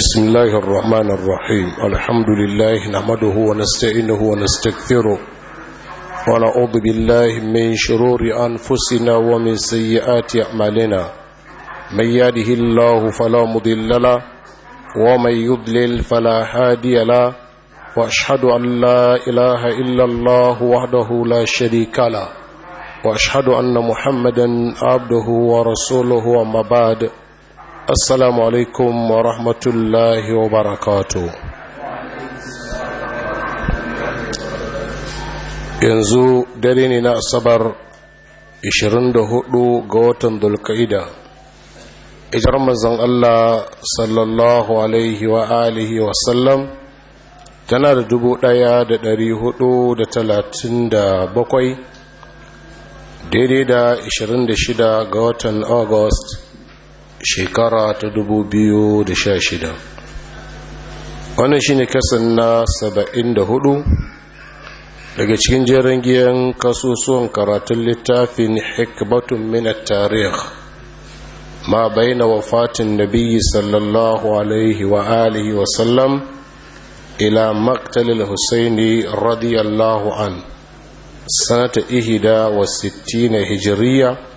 بسم الله الرحمن الرحيم الحمد لله نحمده ونستعينه ونستكثره ونعوذ بالله من شرور أنفسنا ومن سيئات أعمالنا من يهده الله فلا مضل له ومن يضلل فلا هادي له وأشهد أن لا إله إلا الله وحده لا شريك له وأشهد أن محمدا عبده ورسوله وما بعد assalamu alaikum wa rahmatullahi wa barakatu yanzu dare ne na asabar 24 ga watan dulkaida ijar mazan Allah sallallahu alaihi wa alihi wa sallam tana da dubu ɗaya da dari hudu da talatin da bakwai daidai da 26 ga watan august shekara ta dubu biyu da sha shida. wannan shine kasan na saba'in da hudu daga cikin jerin giyan kasusuwan karatun littafin hikbatun minat tarih ma bayyana wafatin nabiyyi sallallahu alaihi wa alihi wa sallam ila maktalil husaini radiyallahu an sanata ihida wa sittina hijiriya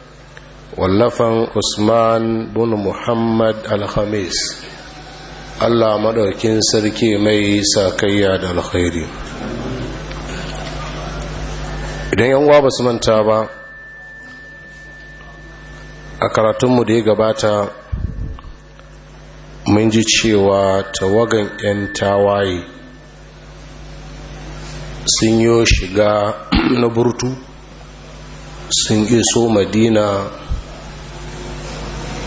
wallafan usman bin muhammad alhamis allah maɗaukin sarki mai sakayya da alkhairi idan yan uwa ba su manta ba a karatunmu da ya gabata mun ji cewa tawagan 'yan tawaye sun yi shiga na burtu sun iso madina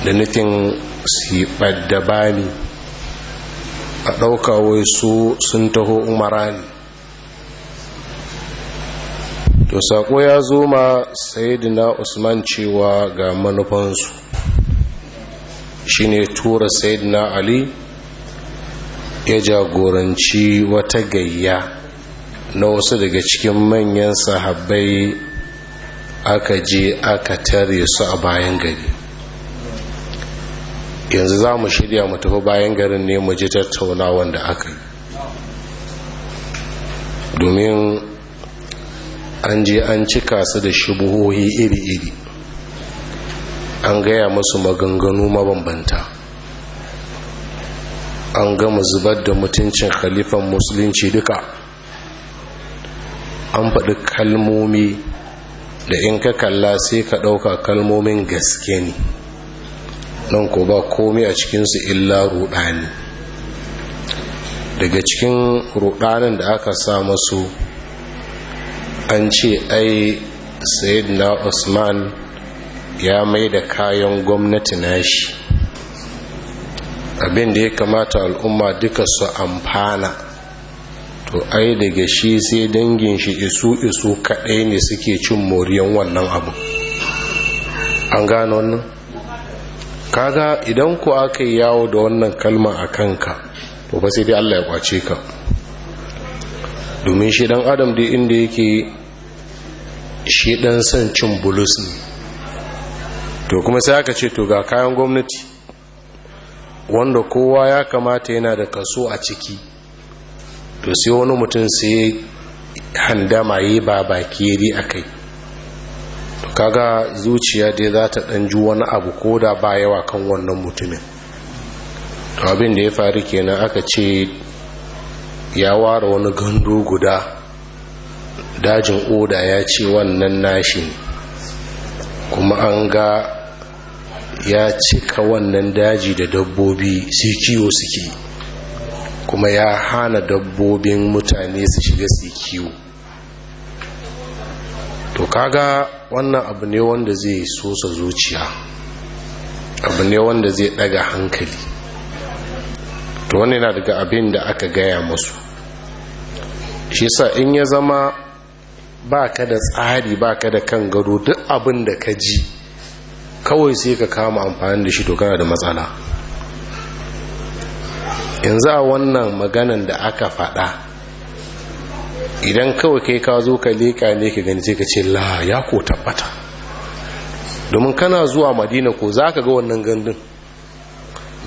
da nufin siɓar da bani a ɗauka wai su sun taho umara ne to saƙo ya zo ma sayidina usman cewa ga manufansu shine tura sayidina ali ya jagoranci wata gayya na wasu daga cikin manyan sahabbai aka je aka tare su a bayan gari yanzu za mu shirya mu tafi bayan garin ne mu ji tattauna wanda aka yi domin an je an cika su da shubuhohi iri-iri an gaya musu maganganu mabambanta an gama zubar da mutuncin khalifan musulunci duka an faɗi kalmomi da in ka kalla sai ka ɗauka kalmomin gaske ne nan ko ba komai a cikinsu illa rudani daga cikin rudanin da aka sa masu an ce ai na usman ya mai da kayan gwamnati nashi abin da ya kamata al'umma duka su amfana to ai daga shi sai dangin shi isu isu kaɗai ne suke cin moriyan wannan abu an gano wannan kaga idan ku aka yi yawo da wannan kalma a kanka to ba sai dai Allah ya kwace ka domin shi dan adam dai inda yake shi dan son cin bulus ne to kuma sai aka ce to ga kayan gwamnati wanda kowa ya kamata yana da kaso a ciki to sai wani mutum sai handama yi ba baki a kai kaga zuciya dai za ta ɗanju wani abu ko da ba yawa kan wannan mutumin abin da ya faru kenan aka ce ya ware wani gando guda dajin oda ya ce wannan nashi kuma an ga ya cika wannan daji da dabbobi su kiwo suke kuma ya hana dabbobin mutane su shiga su kiwo to kaga wannan abu ne wanda zai sosa zuciya abu ne wanda zai daga hankali to wani na daga abin da aka gaya musu shi sa in ya zama ba ka da tsari ba ka da kan gado duk abin da ka ji kawai sai ka kama amfani da shi to kana da matsala yanzu a wannan maganan da aka faɗa idan kawai kai ka zo ka leka ne ka gani sai ka ce la ya ko tabbata domin kana zuwa madina ko za ka ga wannan gandun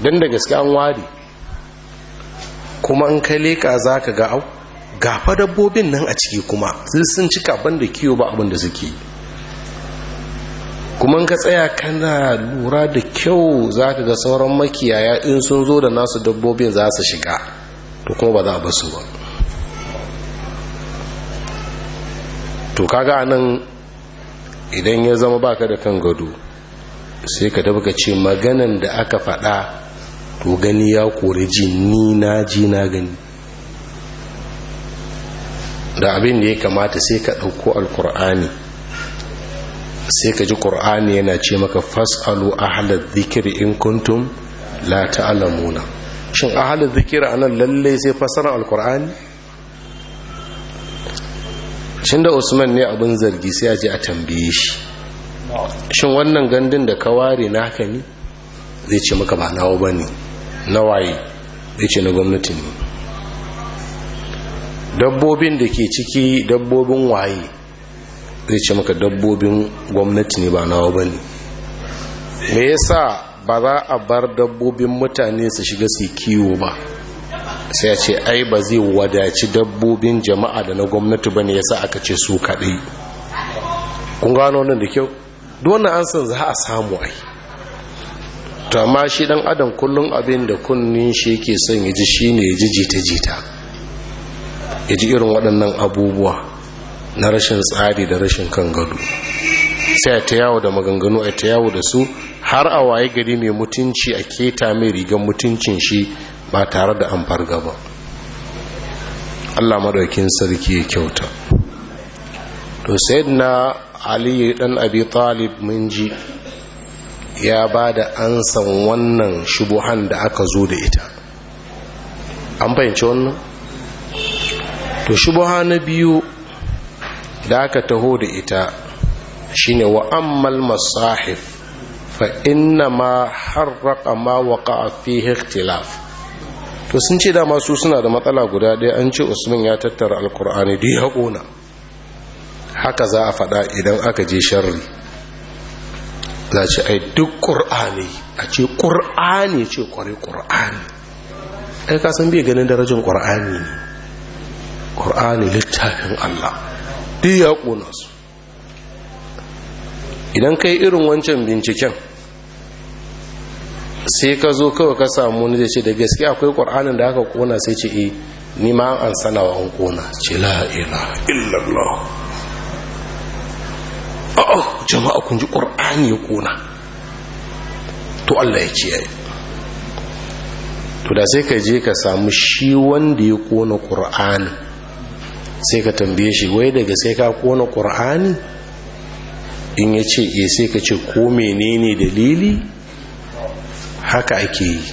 don da gaske an wari kuma in ka leka za ka ga au gafa dabbobin nan a ciki kuma sun cika da kiyo ba abin da suke kuma in ka tsaya kana lura da kyau za ka ga sauran makiyaya in sun zo da nasu dabbobin za su shiga to kuma ba za a basu ba to kaga anan idan ya zama baka da kan gado sai ka baka ce maganan da aka faɗa to gani ya kore ji ni na ji na gani da abin da ya kamata sai ka ɗauko alkur'ani sai ka ji ƙur'ani yana ce maka fas'alu ahalar zikiri in kuntum la ta'alamuna shin ahalar zikiri a nan lallai sai fasarar alkur'ani shin da usman ne abin zargi sai a je a tambaye shi shin wannan gandun da ka ware naka ne zai ce maka ba nawo ba ne na waye zai ce na gwamnati ne dabbobin da ke ciki dabbobin waye zai ce maka dabbobin gwamnati ne ba nawo ba ne me yasa ba za a bar dabbobin mutane su shiga su kiwo ba sai ce ai ba zai wadaci dabbobin jama'a da na gwamnati ba ne ya sa aka ce su kaɗai kun gano nan da kyau duwannan an san za a samu ai to amma shi ɗan adam kullum abin da kunnin shi yake son ya ji shi ne ya ji jita-jita ya ji irin waɗannan abubuwa na rashin tsari da rashin kan gado sai a ta yawo da maganganu a ta yawo da su har a waye gari mai mutunci a keta mai rigar mutuncin shi ba tare da an farga ba Allah madaukin sarki ya kyauta to sayyidina ali dan abi talib mun ji ya ba da ansan wannan shubuhan da aka zo da ita an fahimci wannan to shubuha na biyu da aka taho da ita shine wa ammal masahif fa inna ma harraqa ma waqa'a fihi ikhtilaf to sun ce dama su suna da matsala guda ɗaya an ce usman ya tattara alkur'ani da ya ƙona haka za a faɗa idan aka je sharri za ce ai duk ƙur'ani a ce ƙur'ani ce ƙwarai ƙur'ani ai ka san bai ganin darajin ƙur'ani ne ƙur'ani littafin allah duk ya ƙona su idan kai irin wancan binciken sai ka zo kawai ka samu ne zai ce da gaske akwai ƙwar'anin da aka kona sai ce e ni ma an sana wa an kona ce la ilaha illallah a'a jama'a kun ji ƙwar'ani ya kona to Allah ya kiyaye to da sai ka je ka samu shi wanda ya kona ƙwar'ani sai ka tambaye shi wai daga sai ka kona ƙwar'ani in ya ce e sai ka ce ko menene dalili haka ake yi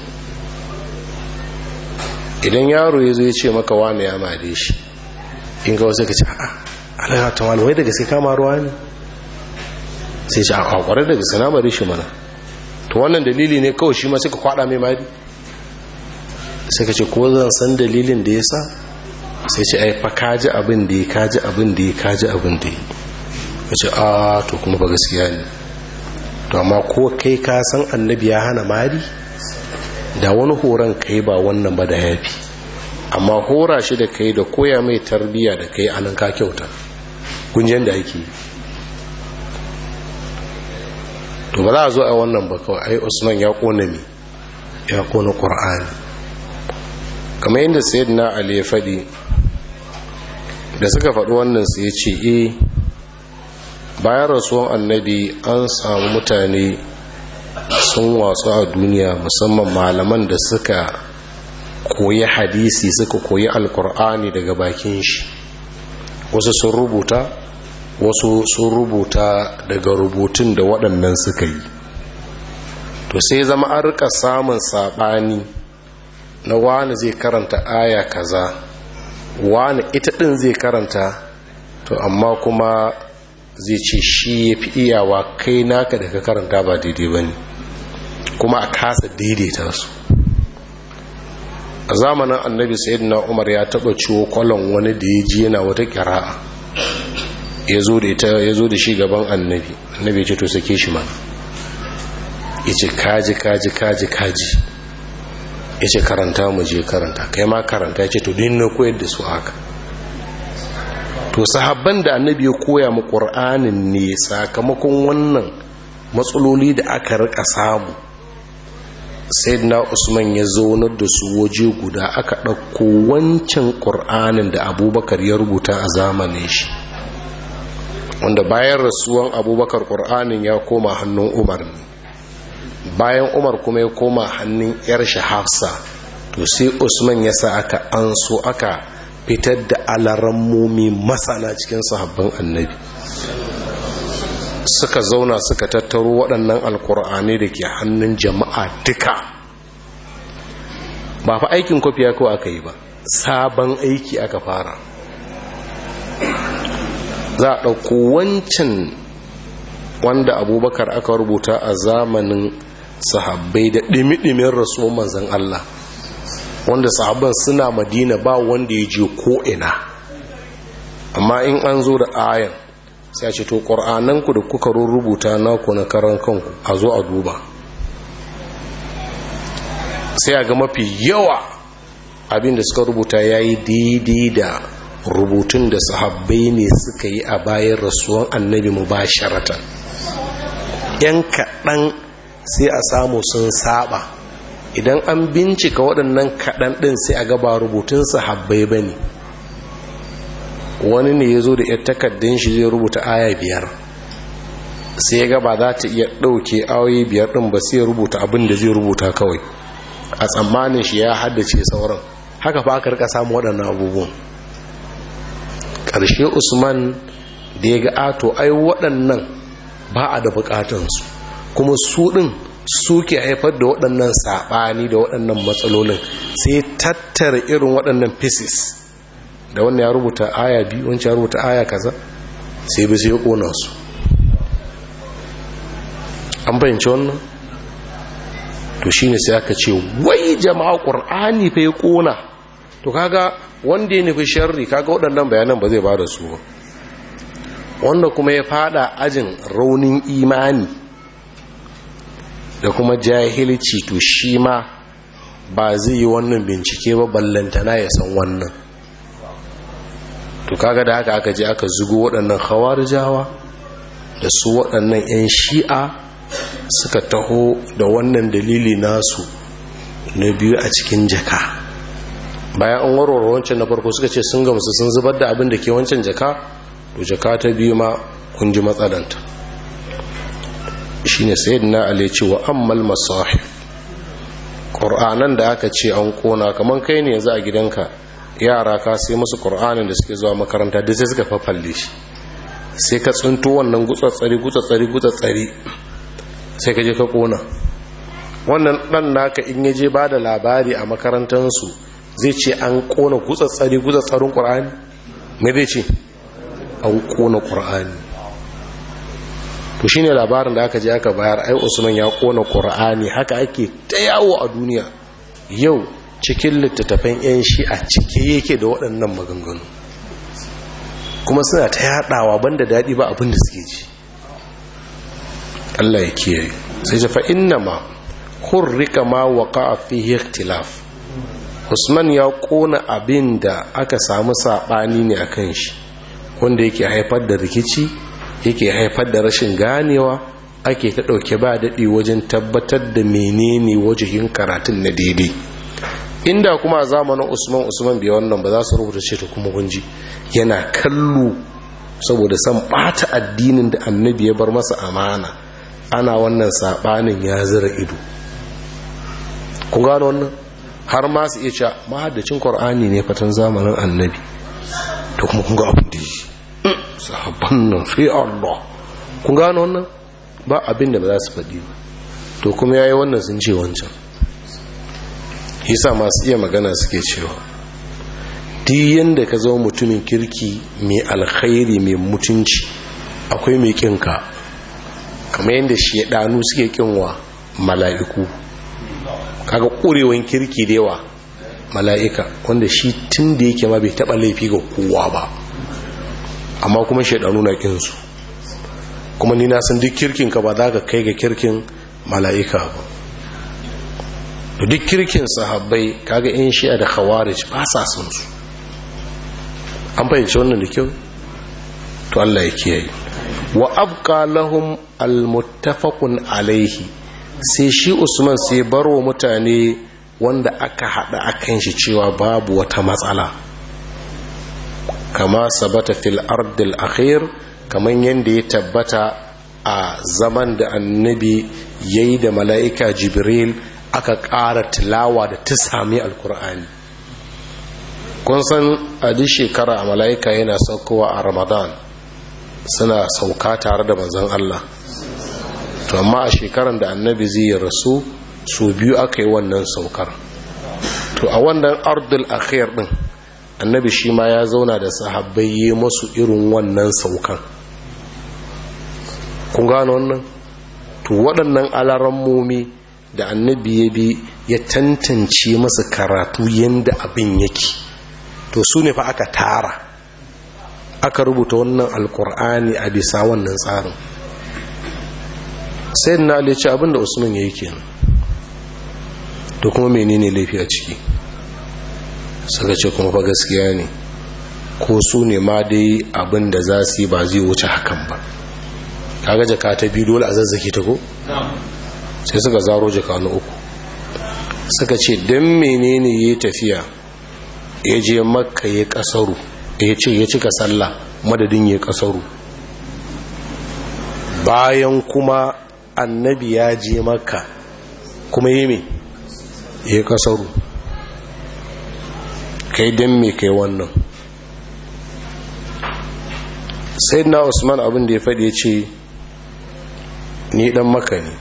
idan yaro ya zo ya ce maka wane ya mare shi in ga wasu ka ce a alaƙa ta wani wai daga sai kama ruwa ne sai ce a kwakware daga sana mare shi mana to wannan dalili ne kawai shi ma suka ka kwada mai mari sai ka ce ko zan san dalilin da ya sa sai ce ai fa kaji abin da ya kaji abin da ya kaji abin da ya ce a to kuma ba gaskiya ne to amma ko kai ka san annabi ya hana mari da wani horon kai ba wannan ba da yafi amma hora shi da kai da koya mai tarbiya da kai anan ka kyauta kunjen da yake to ba za a zo a wannan ba kawai ai usman ya kona mi ya kona qur'ani kamar yadda sayyidina ali ya faɗi da suka faɗi wannan sai ya ce eh bayan rasuwan annabi an samu mutane sun watsu a duniya musamman malaman da suka koyi hadisi suka koyi alkur'ani daga bakin shi wasu sun rubuta wasu sun rubuta daga rubutun da waɗannan suka yi to sai zama an rika samun saɓani na wani zai karanta aya kaza wani ita ɗin zai karanta to amma kuma zai ce shi ya fi iyawa kai naka da ka karanta ba daidai ba ne kuma a kasa daidaita su a zamanin annabi sayyidina umar ya taba ciwo kwallon wani da ya ji yana wata kira'a ya zo da shi gaban annabi annabi ce to sake shi mana ya ce kaji kaji kaji kaji ya ce karanta mu je karanta kai ma karanta ya ce to din na koyar da su haka to sahabban da annabi ya koya mu qur'anin ne sakamakon wannan matsaloli da aka rika samu sayyidina usman ya zaunar da su waje guda aka ɗauko wancan ƙur'anin da abubakar ya rubuta a zamanin shi wanda bayan rasuwan abubakar qur'anin ya koma hannun umar ne bayan umar kuma ya koma hannun yar shahafsa, to sai usman ya sa aka an so aka fitar da alaran alarammomi masana cikin sahabban annabi suka zauna suka tattaro waɗannan alkur'ani da ke hannun jama'a duka ba fa aikin kwafiya ko aka yi ba sabon aiki aka fara za a ɗauko wancan wanda abubakar aka rubuta a zamanin sahabbai da ɗimi-ɗimin rasuwan manzan Allah wanda sahabban suna madina ba wanda ya je ko'ina amma in an zo da ayan sai ce to ƙor'ananku da kuka rubuta naku na karan kanku a zo a duba sai a ga mafi yawa abin da suka rubuta ya yi daidai da rubutun da sahabbai ne suka yi a bayan rasuwan annabi mu ba sharatan ‘yan kaɗan sai a samu sun saba’ idan an bincika waɗannan kaɗan ɗin sai a gaba rubutun sahabbai ba ne wani ne ya zo da ya takaddun shi zai rubuta aya biyar sai ya gaba za ta iya ɗauke ayoyi biyar ɗin ba sai rubuta abin da zai rubuta kawai a tsammanin shi ya haddace sauran haka fa aka rika samu waɗannan abubuwan ƙarshe usman da ya ga ato ai waɗannan ba a da buƙatansu kuma su ɗin suke haifar da waɗannan saɓani da waɗannan matsalolin sai tattara irin waɗannan pieces da wannan ya rubuta aya biyu wancan ya rubuta aya kaza sai bi sai ya ƙona su an fahimci wannan to shi ne sai aka ce wai jama'a ƙur'ani fa ya ƙona to kaga wanda ya nufi shari kaga waɗannan bayanan ba zai ba da su ba wanda kuma ya fada ajin raunin imani da kuma jahilci to shi ma ba zai yi wannan bincike ba ballantana ya san wannan to kaga da haka aka je aka zugu waɗannan jawa da su waɗannan 'yan shi'a suka taho da wannan dalili nasu na biyu a cikin jaka bayan an warware wancan na farko suka ce sun gamsu sun zubar da abin da ke wancan jaka to jaka ta biyu ma kun ji matsalanta shine sayyidina ali ce wa ammal masahif qur'anan da aka ce an kona kaman kai ne yanzu a gidanka yara ka sai musu qur'anin da suke zuwa makaranta da sai suka fafalle shi sai ka tsinto wannan gutsatsari gutsatsari gutsatsari sai ka je ka kona wannan dan naka in ya je bada labari a makarantansu zai ce an kona gutsatsari gutsatsarin qur'ani me zai ce an kona qur'ani to shine labarin da aka je aka bayar ai usman ya kona qur'ani haka ake ta yawo a duniya yau cikin littattafan yan shi a cike yake da waɗannan maganganu kuma suna ta yaɗawa banda dadi ba abin da suke ji Allah ya kiyaye sai fa inna ma hurrika ma waqa'a fihi ikhtilaf Usman ya kona abin da aka samu saɓani ne a kan shi wanda yake haifar da rikici yake haifar da rashin ganewa ake ta ɗauke ba daɗi wajen tabbatar da menene wajihin karatun na daidai inda kuma zamanin usman usman bai wannan ba za su rubuta ce ta kuma gunji yana kallo saboda san ɓata addinin da annabi ya bar masa amana ana wannan saɓanin ya zira ido ku gano wannan har ma su iya cewa mahaddacin qur'ani ne fatan zamanin annabi to kuma kun ga abin da yake sahabban nan sai Allah kun gano wannan ba abin da ba za su faɗi ba to kuma yayi wannan sun ce wancan yasa masu iya magana suke cewa duk yanda ka zama mutumin kirki mai alkhairi mai mutunci akwai mai kinka kamar yanda shedanu suke kinwa mala'iku kaga kurewan kirki da yawa mala'ika wanda shi tun da yake ma bai taɓa laifi ga kowa ba amma kuma shaidanu na kinsu kuma ni na san duk kirkin ka ba za ka kai ga kirkin mala'ika ba duk kirkin sahabbai kaga in shi'a da khawarij ba sa son su an fahimci wannan da kyau to Allah ya kiyaye wa abqa lahum almuttafaqun alaihi sai shi Usman sai barwa mutane wanda aka hada akan shi cewa babu wata matsala kama sabata fil ardil akhir kaman yanda ya tabbata a zaman da annabi yayi da mala'ika jibril aka ƙara tilawa da ta sami alkur'ani kun san a duk shekara a mala'ika yana saukowa a ramadan suna sauka tare da manzon allah to amma a shekaran da annabi zai rasu su biyu aka yi wannan saukar to a wannan ardul akhir din annabi shi ma ya zauna da sahabbai yi masu irin wannan saukan kun gano wannan to waɗannan momi da annabi ya bi ya tantance masu karatu yadda abin yake to su ne fa aka tara aka rubuta wannan alkur'ani a bisa wannan tsarin sai na alice abinda usman ya yi kenan to kuma menene laifi a ciki suka ce kuma fa gaskiya ne ko su ne ma dai abin da za su yi ba zai wuce hakan ba kaga jaka ta biyu dole a zazzaki ta ko sai suka zaro jaka na uku suka ce don menene ya tafiya ya je makka ya kasaru ya ce ya cika sallah madadin ya kasaru bayan kuma annabi ya je makka kuma yi me ya kasaru kai don me kai wannan sai na usman abin da ya faɗi ya ce ni dan maka ne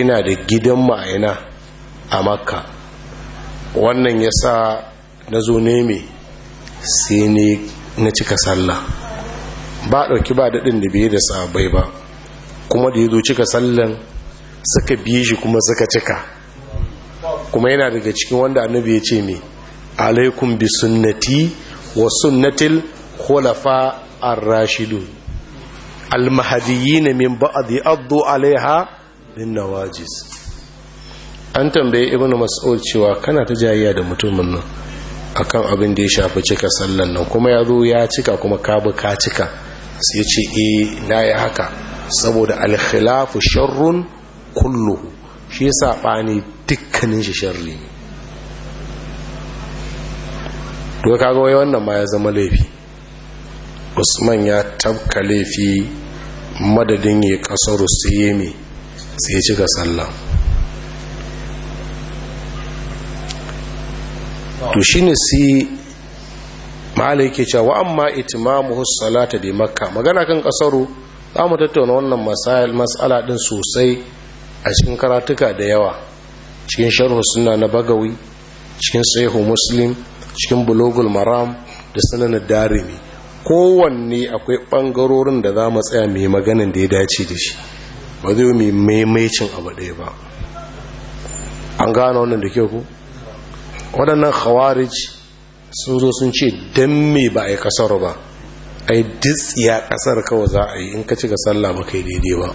ina da gidan ma'aina a makka wannan ya sa na zo neme sai ne na cika sallah ba ɗauki ba daɗin da biye da sabai ba kuma da ya zo cika sallan suka biye shi kuma suka cika kuma yana daga cikin wanda annabi ya ce me alaikum bi sunnati wa sunnatil khulafa ar-rashidun al-mahdiyyin min ba'di addu alaiha bin nawajis an tambaye ibnu mas'ud cewa kana ta jayayya da mutumin nan akan abin da ya shafi cika sallan nan kuma ya ya cika kuma ka bi ka cika sai ce e, na yi haka saboda al-khilafu sharrun kulluhu shi saɓani dukkanin shi sharri ne to kaga wai wannan ma ya zama laifi usman ya tabka laifi madadin ya kasar sai mai sai ya cika sallah to ne si ma'ala yake cewa wa amma itmamu ta bi makka magana kan kasaru za mu tattauna wannan matsala din sosai a cikin karatuka da yawa cikin sharhu suna na bagawi cikin sahihu muslim cikin bulogul maram da sunan darimi kowanne akwai bangarorin da za mu tsaya mai maganin da ya dace da shi ba zai mai maimaicin abu ɗaya ba an gano wannan da ke ku waɗannan khawarij sun zo sun ce don me ba a yi kasar ba a yi ditsiya kasar kawai za a yi in ka ci ga sallah ba kai daidai ba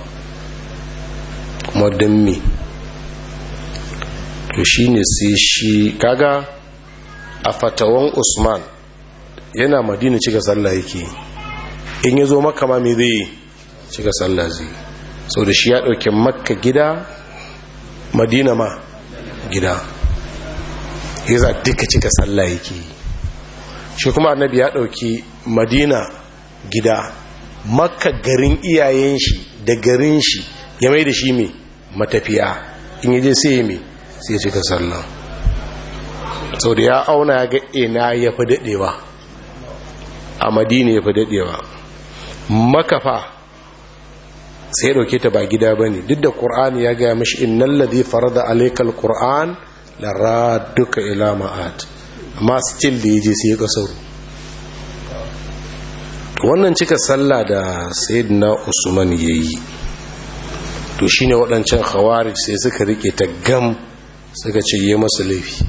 modern me to shi ne sai shi kaga a fatawan usman yana madina cika sallah yake in ya zo maka ma zai cika sallah zai sau da shi ya dauke makka gida madina ma gida ya za duka cika sallah yake shi kuma annabi ya dauke madina gida makka garin iyayen shi da garin shi ya mai da shi mai matafiya in yaje sai ya me sai ya cika sallah sau da ya auna ya ga ina ya fi daɗewa a madina ya fi daɗewa makafa sai dauke ta ba gida ba ne duk da ƙur'ani ya gaya mashi innan ladhi farada alaikal ƙur'an lara duka ila ma'ad amma still da ya je sai ya kasaru wannan cika sallah da na usman yayi to shi ne waɗancan khawarij sai suka rike ta gam suka ce yi masa laifi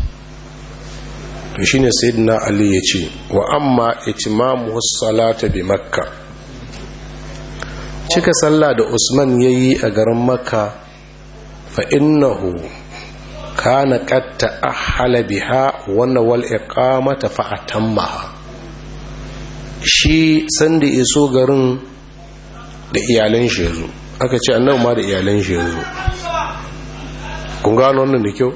to shi sai dina ali ya ce wa amma itimamu salata bi makka cika sallah da usman ya yi a garin makka fa innahu kana a ta'ahhala biha wa wal iqamata fa atammaha shi sanda iso garin da iyalan shi yazo aka ce annabi ma da iyalan shi yanzu kun gano wannan da kyau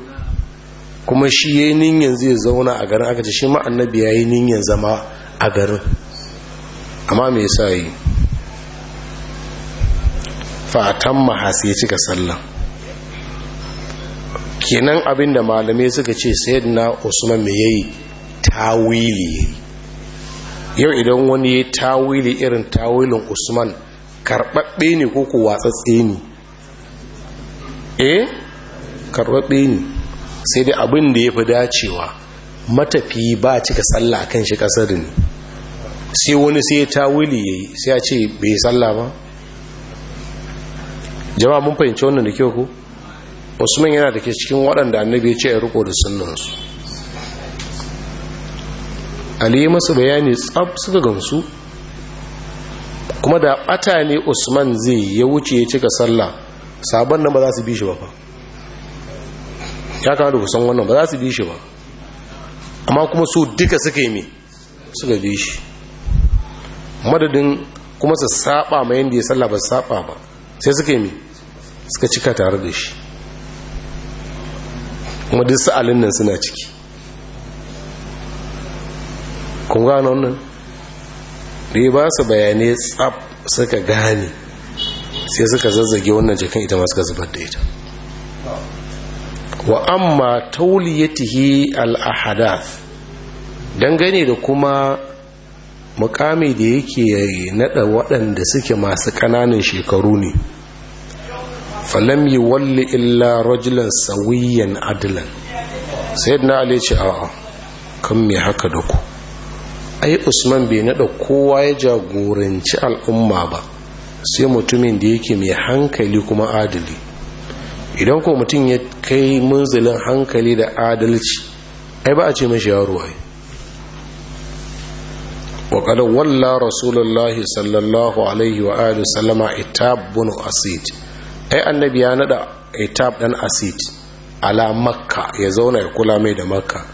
kuma shi ya yi ninyan zai zauna a garin aka ce shi ma annabi ya yi ninyan zama a garin amma me yasa yi Fa fatan mahasi ya cika sallan kenan abinda malamai suka ce sayyidina usman me yayi tawili yau idan wani ya tawili irin tawilin usman karbabbe ne ko ku watsatse ne eh karbabbe ne sai dai abin da ya fi dacewa matafi ba cika sallah kan shi kasar ne sai wani sai ta wuli ya yi sai ya ce bai sallah ba jama'a mun fahimci wannan da kyau ku usman yana da ke cikin waɗanda annabi ya ce ya riko da sunnansu ali masa bayani tsab suka gamsu kuma da bata ne usman zai ya wuce ya cika sallah sabon nan ba za su bi shi ba ya kama da kusan wannan ba za su bi shi ba amma kuma su duka suka yi mai suka bi shi madadin kuma su saba ma yadda ya sallah ba su saba ba sai suka yi mai suka cika tare da shi kuma duk sa'alin nan suna ciki kun gano wannan da ya ba su bayanai tsab suka gane sai suka zazzage wannan jakan ita masu zubar da ita wa amma tauliyatihi al'ahada al'ahada dangane da kuma mukami da yake nada waɗanda suke masu ƙananan shekaru ne falam yi walli illa rajulan sawiyan adilan sai na ali a kan mai haka da ku ai usman bai naɗa kowa ya jagoranci al'umma ba sai mutumin da yake mai hankali kuma adali idan ko mutum ya kai munzalin hankali da adalci ai ba a ce mashi yaro ai wa walla rasulullahi sallallahu alaihi wa alihi sallama itab bin asid ai annabi ya nada itab ɗan asid ala makka ya zauna ya kula mai da makka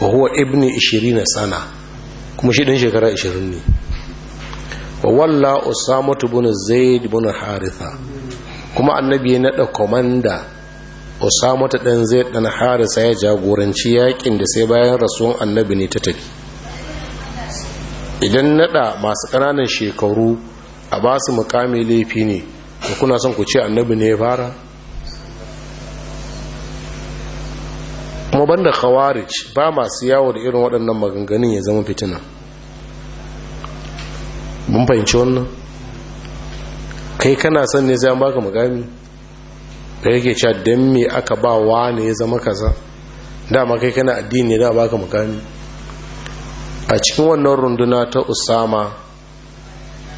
wa huwa ibni 20 sana kuma shi ɗin shekara 20 ne wa walla usama bin zaid bin haritha kuma annabi ya naɗa komanda usama ta dan zaid dan haritha ya jagoranci yakin da sai bayan rasuwan annabi ne ta tafi idan naɗa masu ƙananan shekaru a ba su mukami laifi ne ko kuna son ku ce annabi ne ya fara kuma banda khawarij ba masu yawo da irin waɗannan maganganun ya zama fitina mun fahimci wannan kai kana son ne zai baka mugami da yake cewa don me aka ba wa ne ya zama kaza dama kai kana addini ne da baka mugami a cikin wannan runduna ta usama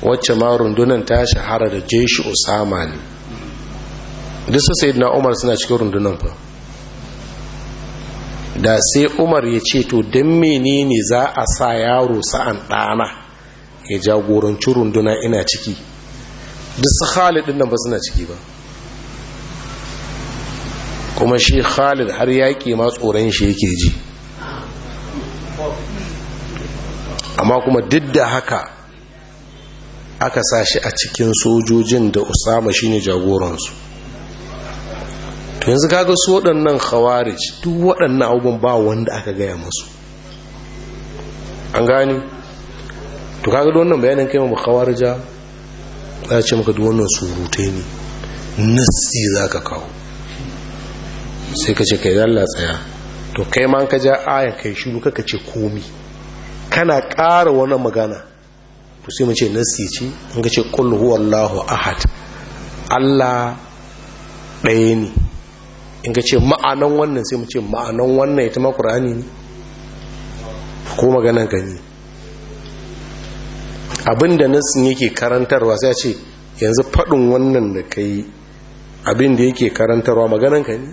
wacce ma rundunan ta shahara da jeshi usama ne duk sai na umar suna cikin rundunan fa da sai umar ya ce to don menene za a sa yaro sa'an ɗana ya jagoranci runduna ina ciki duk su khalid nan ba suna ciki ba kuma shi khalid har yaƙi ma tsoron shi yake ji amma kuma duk da haka aka sa shi a cikin sojojin da usama shine jagoransu to yanzu kaga su waɗannan khawarij duk waɗannan abubuwan ba wanda aka gaya masu an gani to kaga duk wannan bayanin kai mu khawarija za ce maka duk wannan surutai ne nassi za ka kawo sai ka ce kai zalla tsaya to kai ma ka ja aya kai shiru kaka ce komi kana ƙara wani magana to sai mu ce nassi ce in ka ce qul huwallahu ahad Allah ɗaya ne in ka ce ma'anan wannan sai mu ce ma'anan wannan ita ma ƙur'ani ne ko maganan gani abinda nasin yake karantarwa sai ce yanzu faɗin wannan da ka yi abinda yake karantarwa maganan ka ne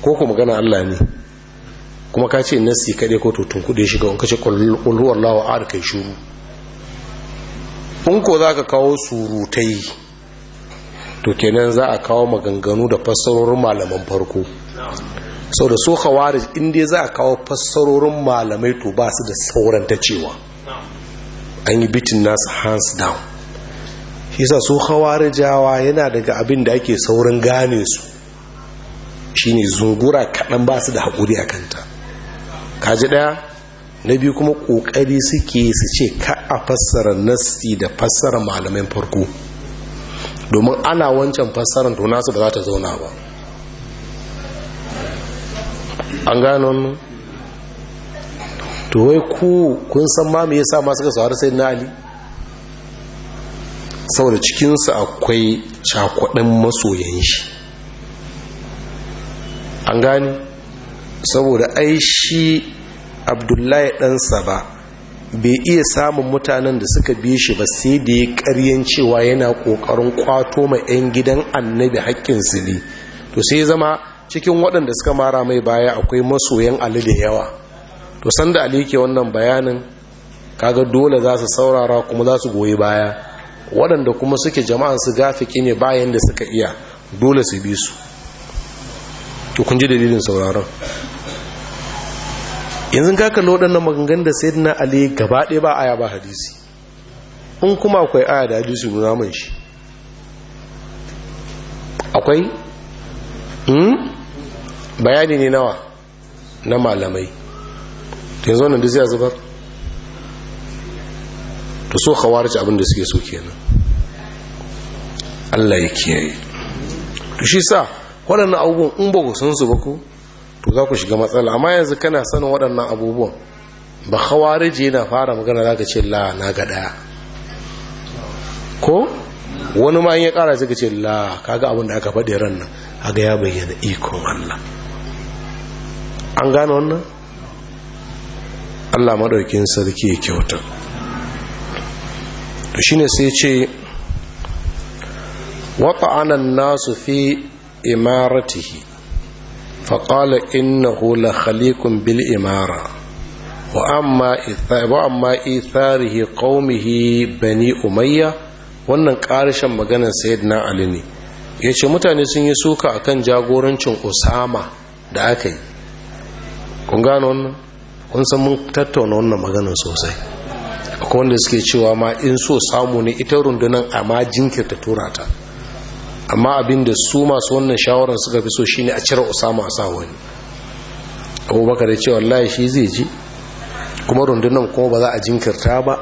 ko ku magana Allah ne kuma ka ce nasi kaɗai ko tutun kuɗe shiga ga wanka ce ƙulhuwar lawa a da kai shuru in ko za ka kawo surutai to kenan za a kawo maganganu da fassarorin malaman farko sau da soka khawarij inda za a kawo fassarorin malamai to ba su da sauran ta cewa an yi bitin nasu hands down shi sa so jawa yana daga abin da ake saurin gane su shine zungura kaɗan ba su da haƙuri a kanta kaji ɗaya na biyu kuma ƙoƙari suke su ce ka a fassara nasti da fassara malamin farko domin ana wancan fassarar to nasu ba za ta zauna ba an gano nun to wai ku kun san ma me yasa masu suka saurari sai na ali saboda cikinsu akwai cakwadin masoyan shi an gani saboda ai shi abdullahi ɗansa ba bai iya samun mutanen da suka bi shi ba sai da ya karyan cewa yana ƙoƙarin kwato ma 'yan gidan annabi haƙƙinsu ne to sai zama cikin waɗanda suka mara mai baya akwai masoyan ali da yawa to sanda ali ke wannan bayanin kaga dole za su saurara kuma za su goyi baya waɗanda kuma suke jama'an su gafiki ne bayan da suka iya dole su bi su to kun ji dalilin sauraron yanzu ka kalli waɗannan maganganun da na ali gaba ɗaya ba aya ba hadisi in kuma akwai aya da hadisi nuna man shi akwai hmm? bayani ne nawa na malamai yanzu wannan da zai zubar to so kawar abin da suke so kenan Allah ya kiyaye to shi sa waɗannan abubuwan in ba ku san su ba ku? to za ku shiga matsala amma yanzu kana sanin waɗannan abubuwan ba khawariji na fara magana za ka ce la na ga ɗaya ko wani ma ya ƙara zai ce la kaga abin da aka faɗi ran nan aga ya bayyana ikon Allah an gano wannan Allah maɗaukin sarki ya kyauta to shine sai ce anan nasu fi imaratihi faƙala innahu la khaliqun bil imara wa amma itharihi bani umayya wannan ƙarshen maganar sayyidina ali ne ya ce mutane sun yi suka a kan jagorancin usama da aka yi kun gano wannan kun san mun tattauna wannan maganar sosai akwai wanda suke cewa ma in so samu ne ita rundunar amma jinkirta turata. ta amma abinda su masu wannan shawarar suka fi so shi ne a cire usama a sa wani abubakar ya ce wallahi shi zai ji kuma rundunar kuma ba za a jinkirta ba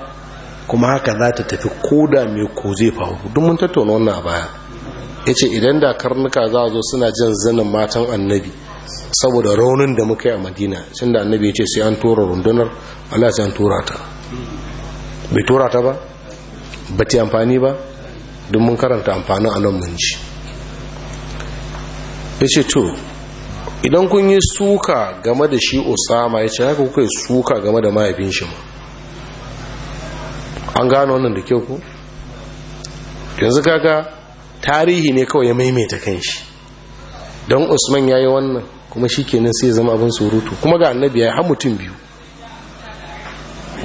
kuma haka za ta tafi koda mai ko zai faru duk mun tattauna wannan baya ya ce idan da karnuka za a zo suna jan zanin matan annabi saboda raunin da muka yi a madina sun da annabi ya ce sai an tura rundunar allah sai an tura ta bai tura ta ba ba amfani ba duk mun karanta amfani a nan mun ya ce to idan kun yi suka game da shi osama ya ce haka kuka yi suka game da mahaifin shi ma an gano wannan da kyau ku yanzu kaga tarihi ne kawai ya maimaita kan shi don usman ya yi wannan kuma shi kenan sai zama abin surutu kuma ga annabi ya yi har mutum biyu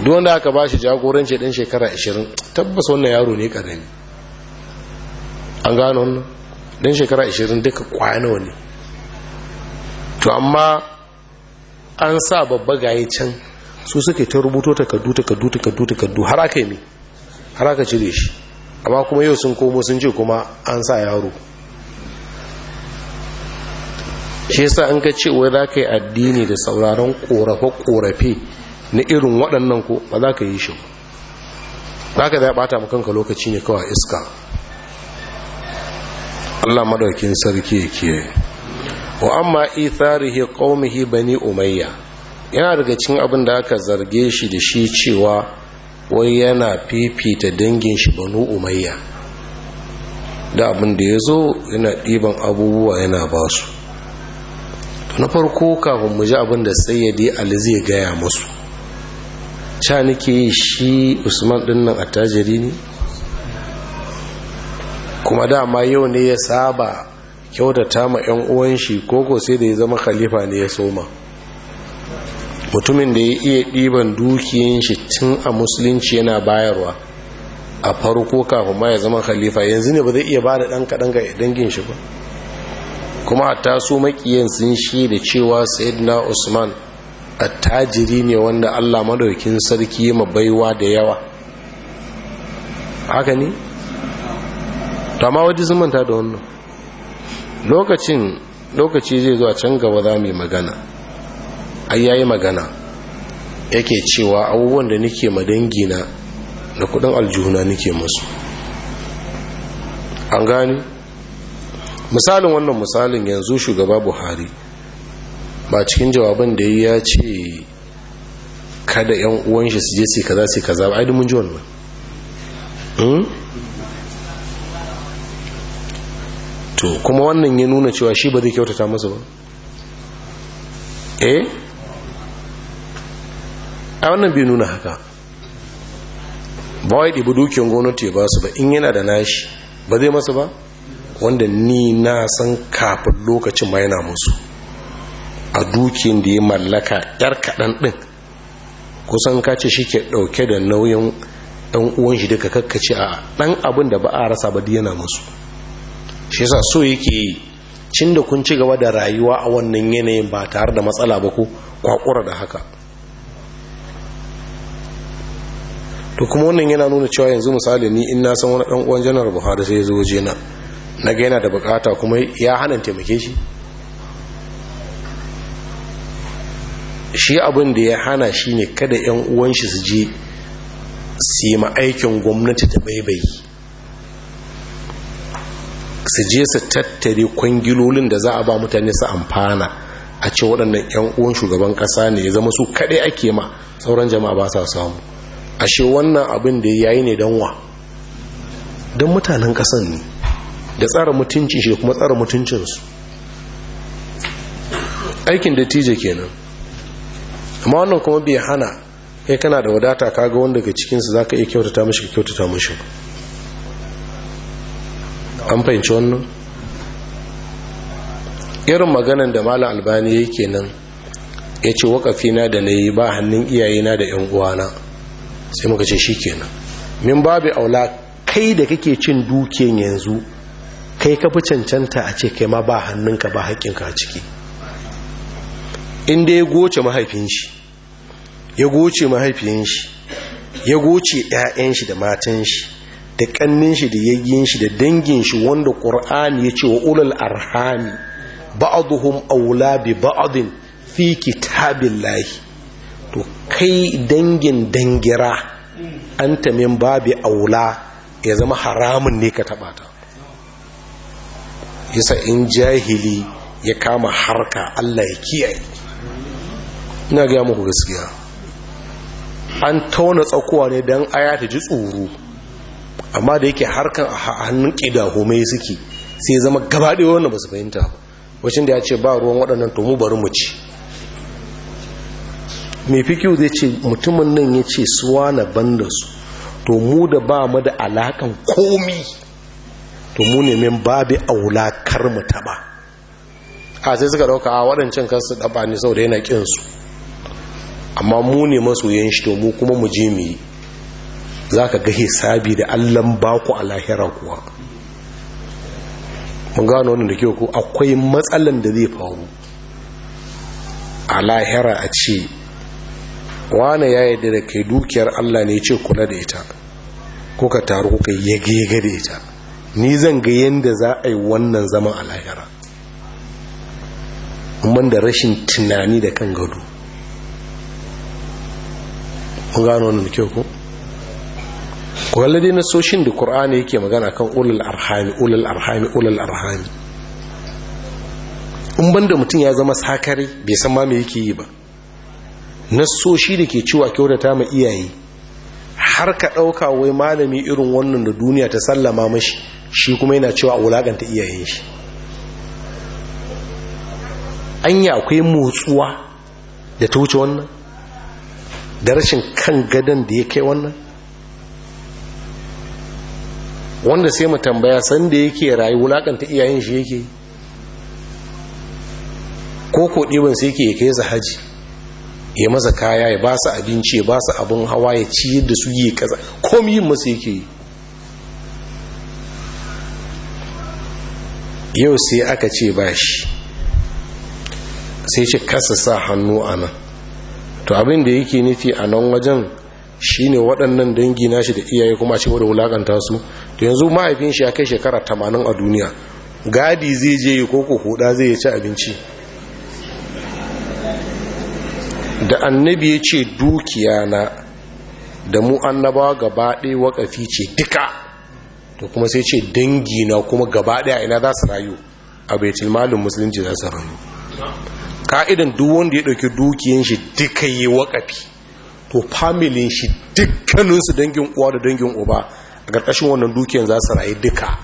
duwanda aka ba shi jagoranci ɗan shekara 20 tabbas wannan yaro ne ƙarami an gano wannan don shekara 20 duka kwano ne to amma an sa babba gaye can su suke ta rubuto takardu takardu takardu takardu har aka yi ne har aka cire shi amma kuma yau sun komo sun ce kuma an sa yaro shi yasa an ka ce wai za ka yi addini da sauraron korafe-korafe na irin waɗannan ko ba za ka yi shi ba za ka zai ɓata makanka lokaci ne kawai iska Allah madaukin sarki yake wa amma itharihi qaumihi bani umayya yana daga cikin abin da aka zarge shi da shi cewa wai yana fifita dangin shi banu umayya da abin da ya zo yana ɗiban abubuwa yana ba su na farko kafin mu ji abin da sayyidi ali zai gaya musu ca nake shi usman ɗinnan attajiri ne kuma dama yau ne ya saba kyautata ma 'yan uwan shi koko sai da ya zama khalifa ne ya soma mutumin da ya iya ɗiban dukiyin shi tun a musulunci yana bayarwa a farko kafin ma ya zama khalifa yanzu ne ba zai iya ba da ɗan kaɗan ga dangin shi ba kuma a taso makiyan sun shi da cewa na usman attajiri ne wanda allah madaukin sarki ma baiwa da yawa haka ne to amma waje sun manta da wannan lokacin lokaci zai zuwa can gaba za mu magana ai yayi magana yake cewa abubuwan da nake madangina da kudin aljihuna nake musu an gani misalin wannan misalin yanzu shugaba buhari ba cikin jawabin da ya ce kada yan uwan shi su je su kaza su kaza ba ai mun ji wannan hmm? to kuma wannan ya nuna cewa shi ba zai kyautata masa ba eh a wannan bai nuna haka ba wai ɗibi dukiyar gwamnati ya ba su ba in yana da nashi ba zai masa ba wanda ni na san kafin lokacin ma yana musu a dukiyar da ya mallaka yar kaɗan ɗin kusan kace shi ke ɗauke da nauyin ɗan uwan shi duka kakkace a ɗan abin da ba a rasa ba yana musu shi yasa so yake yi cin da kun ci gaba da rayuwa a wannan yanayin ba tare da matsala ba ko kwakura da haka to kuma wannan yana nuna cewa yanzu misali ni in na san wani dan uwan janar buhari sai ya zo waje na na ga yana da bukata kuma ya hana taimake shi shi abin da ya hana shi ne kada 'yan uwan shi su je su yi aikin gwamnati ta baibayi su je su tattare kwangilolin da za a ba mutane su amfana a ce waɗannan 'yan uwan shugaban ƙasa ne ya zama su kaɗai ake ma sauran jama'a ba sa samu ashe wannan abin da ya yi ne don wa don mutanen ƙasan ne da tsara mutuncin shi kuma tsara mutuncinsu aikin da tije kenan amma wannan kuma bai hana kai kana da wadata kaga wanda ga cikinsu za ka iya kyautata mashi ka kyautata mashi an fahimci wannan irin maganan da malam albani yake nan ya ce wakafina da na yi ba hannun iyayena da 'yan uwana sai muka ce shi kenan min babu aula kai da kake cin dukiyan yanzu kai ka fi cancanta a ce kai ma ba ka ba haƙƙinka a ciki inda ya goce mahaifin shi ya goce mahaifin shi ya goce 'ya'yan shi da matan shi da kannin shi da yayyin shi da dangin shi wanda qur'ani ya ce wa ulul arhami ba'dhum awla bi ba'din fi kitabillahi to kai dangin dangira anta min babi aula ya zama haramun ne ka taba ta yasa in jahili ya kama harka Allah ya kiyaye ina ga muku gaskiya an tauna tsakuwa ne dan aya ta ji tsoro amma da yake harkan a hannun ƙidahomai suke sai zama gabaɗe wanda ba su fahimta ba wacin da ya ce ba ruwan waɗannan tomu bari mu ci mai fikiyu zai ce mutumin nan ya ce suwa na banda su to da ba mu da alakan komi to mu neman babi aula kar mu ba. a sai suka ɗauka a waɗancan kansu ɗaba ne da yana ƙinsu amma mu ne masoyan shi to kuma mu je mu yi za ka ga hisabi da allon baku a lahira kuwa mun gano wani da ke ku akwai matsalan da zai faru a lahira a ce wane ya yadda da kai dukiyar allah ne ce kula da ita kuka taru kuka yage da ita ni zan ga yadda za a yi wannan zama a lahira man da rashin tunani da kan gado mun gano wannan da kwallade na nasoshin da ƙur'ani yake magana kan ulul arhami ulul arhami ulul arhami in banda mutum ya zama sakare bai san ma me yake yi ba Nasoshi da ke cewa kyautata ma iyaye har ka ɗauka wai malami irin wannan da duniya ta sallama mashi shi kuma yana cewa a wulaƙanta iyayen shi anya akwai motsuwa da ta wuce wannan da rashin kan gadon da ya kai wannan wanda sai mu tambaya sanda yake rayu wulakanta iyayen shi yake ko ko ɗiban sai yake ya kai za haji ya maza kaya ya ba su abinci ya ba su abin hawa ya ci da su yi kaza komi yin masa yake yi yau sai aka ce ba shi sai ce kasa sa hannu a nan to abin da yake nufi a nan wajen Shi ne waɗannan dangi nashi da iyaye kuma ci da wulaƙanta su to yanzu mahaifin shi ya kai shekara tamanin a duniya gadi zai je yi koko huda zai ci abinci da annabi ya ce dukiya na da mu annabawa gaba ɗaya waƙafi ce duka to kuma sai ce dangi na kuma gaba ɗaya ina za su rayu a baitul malin musulunci za su rayu ka'idan duk wanda ya ɗauki dukiyan shi duka yi waƙafi. to familin shi dukkaninsu dangin uwa da dangin uba a ƙarƙashin wannan dukiyar za su rayu duka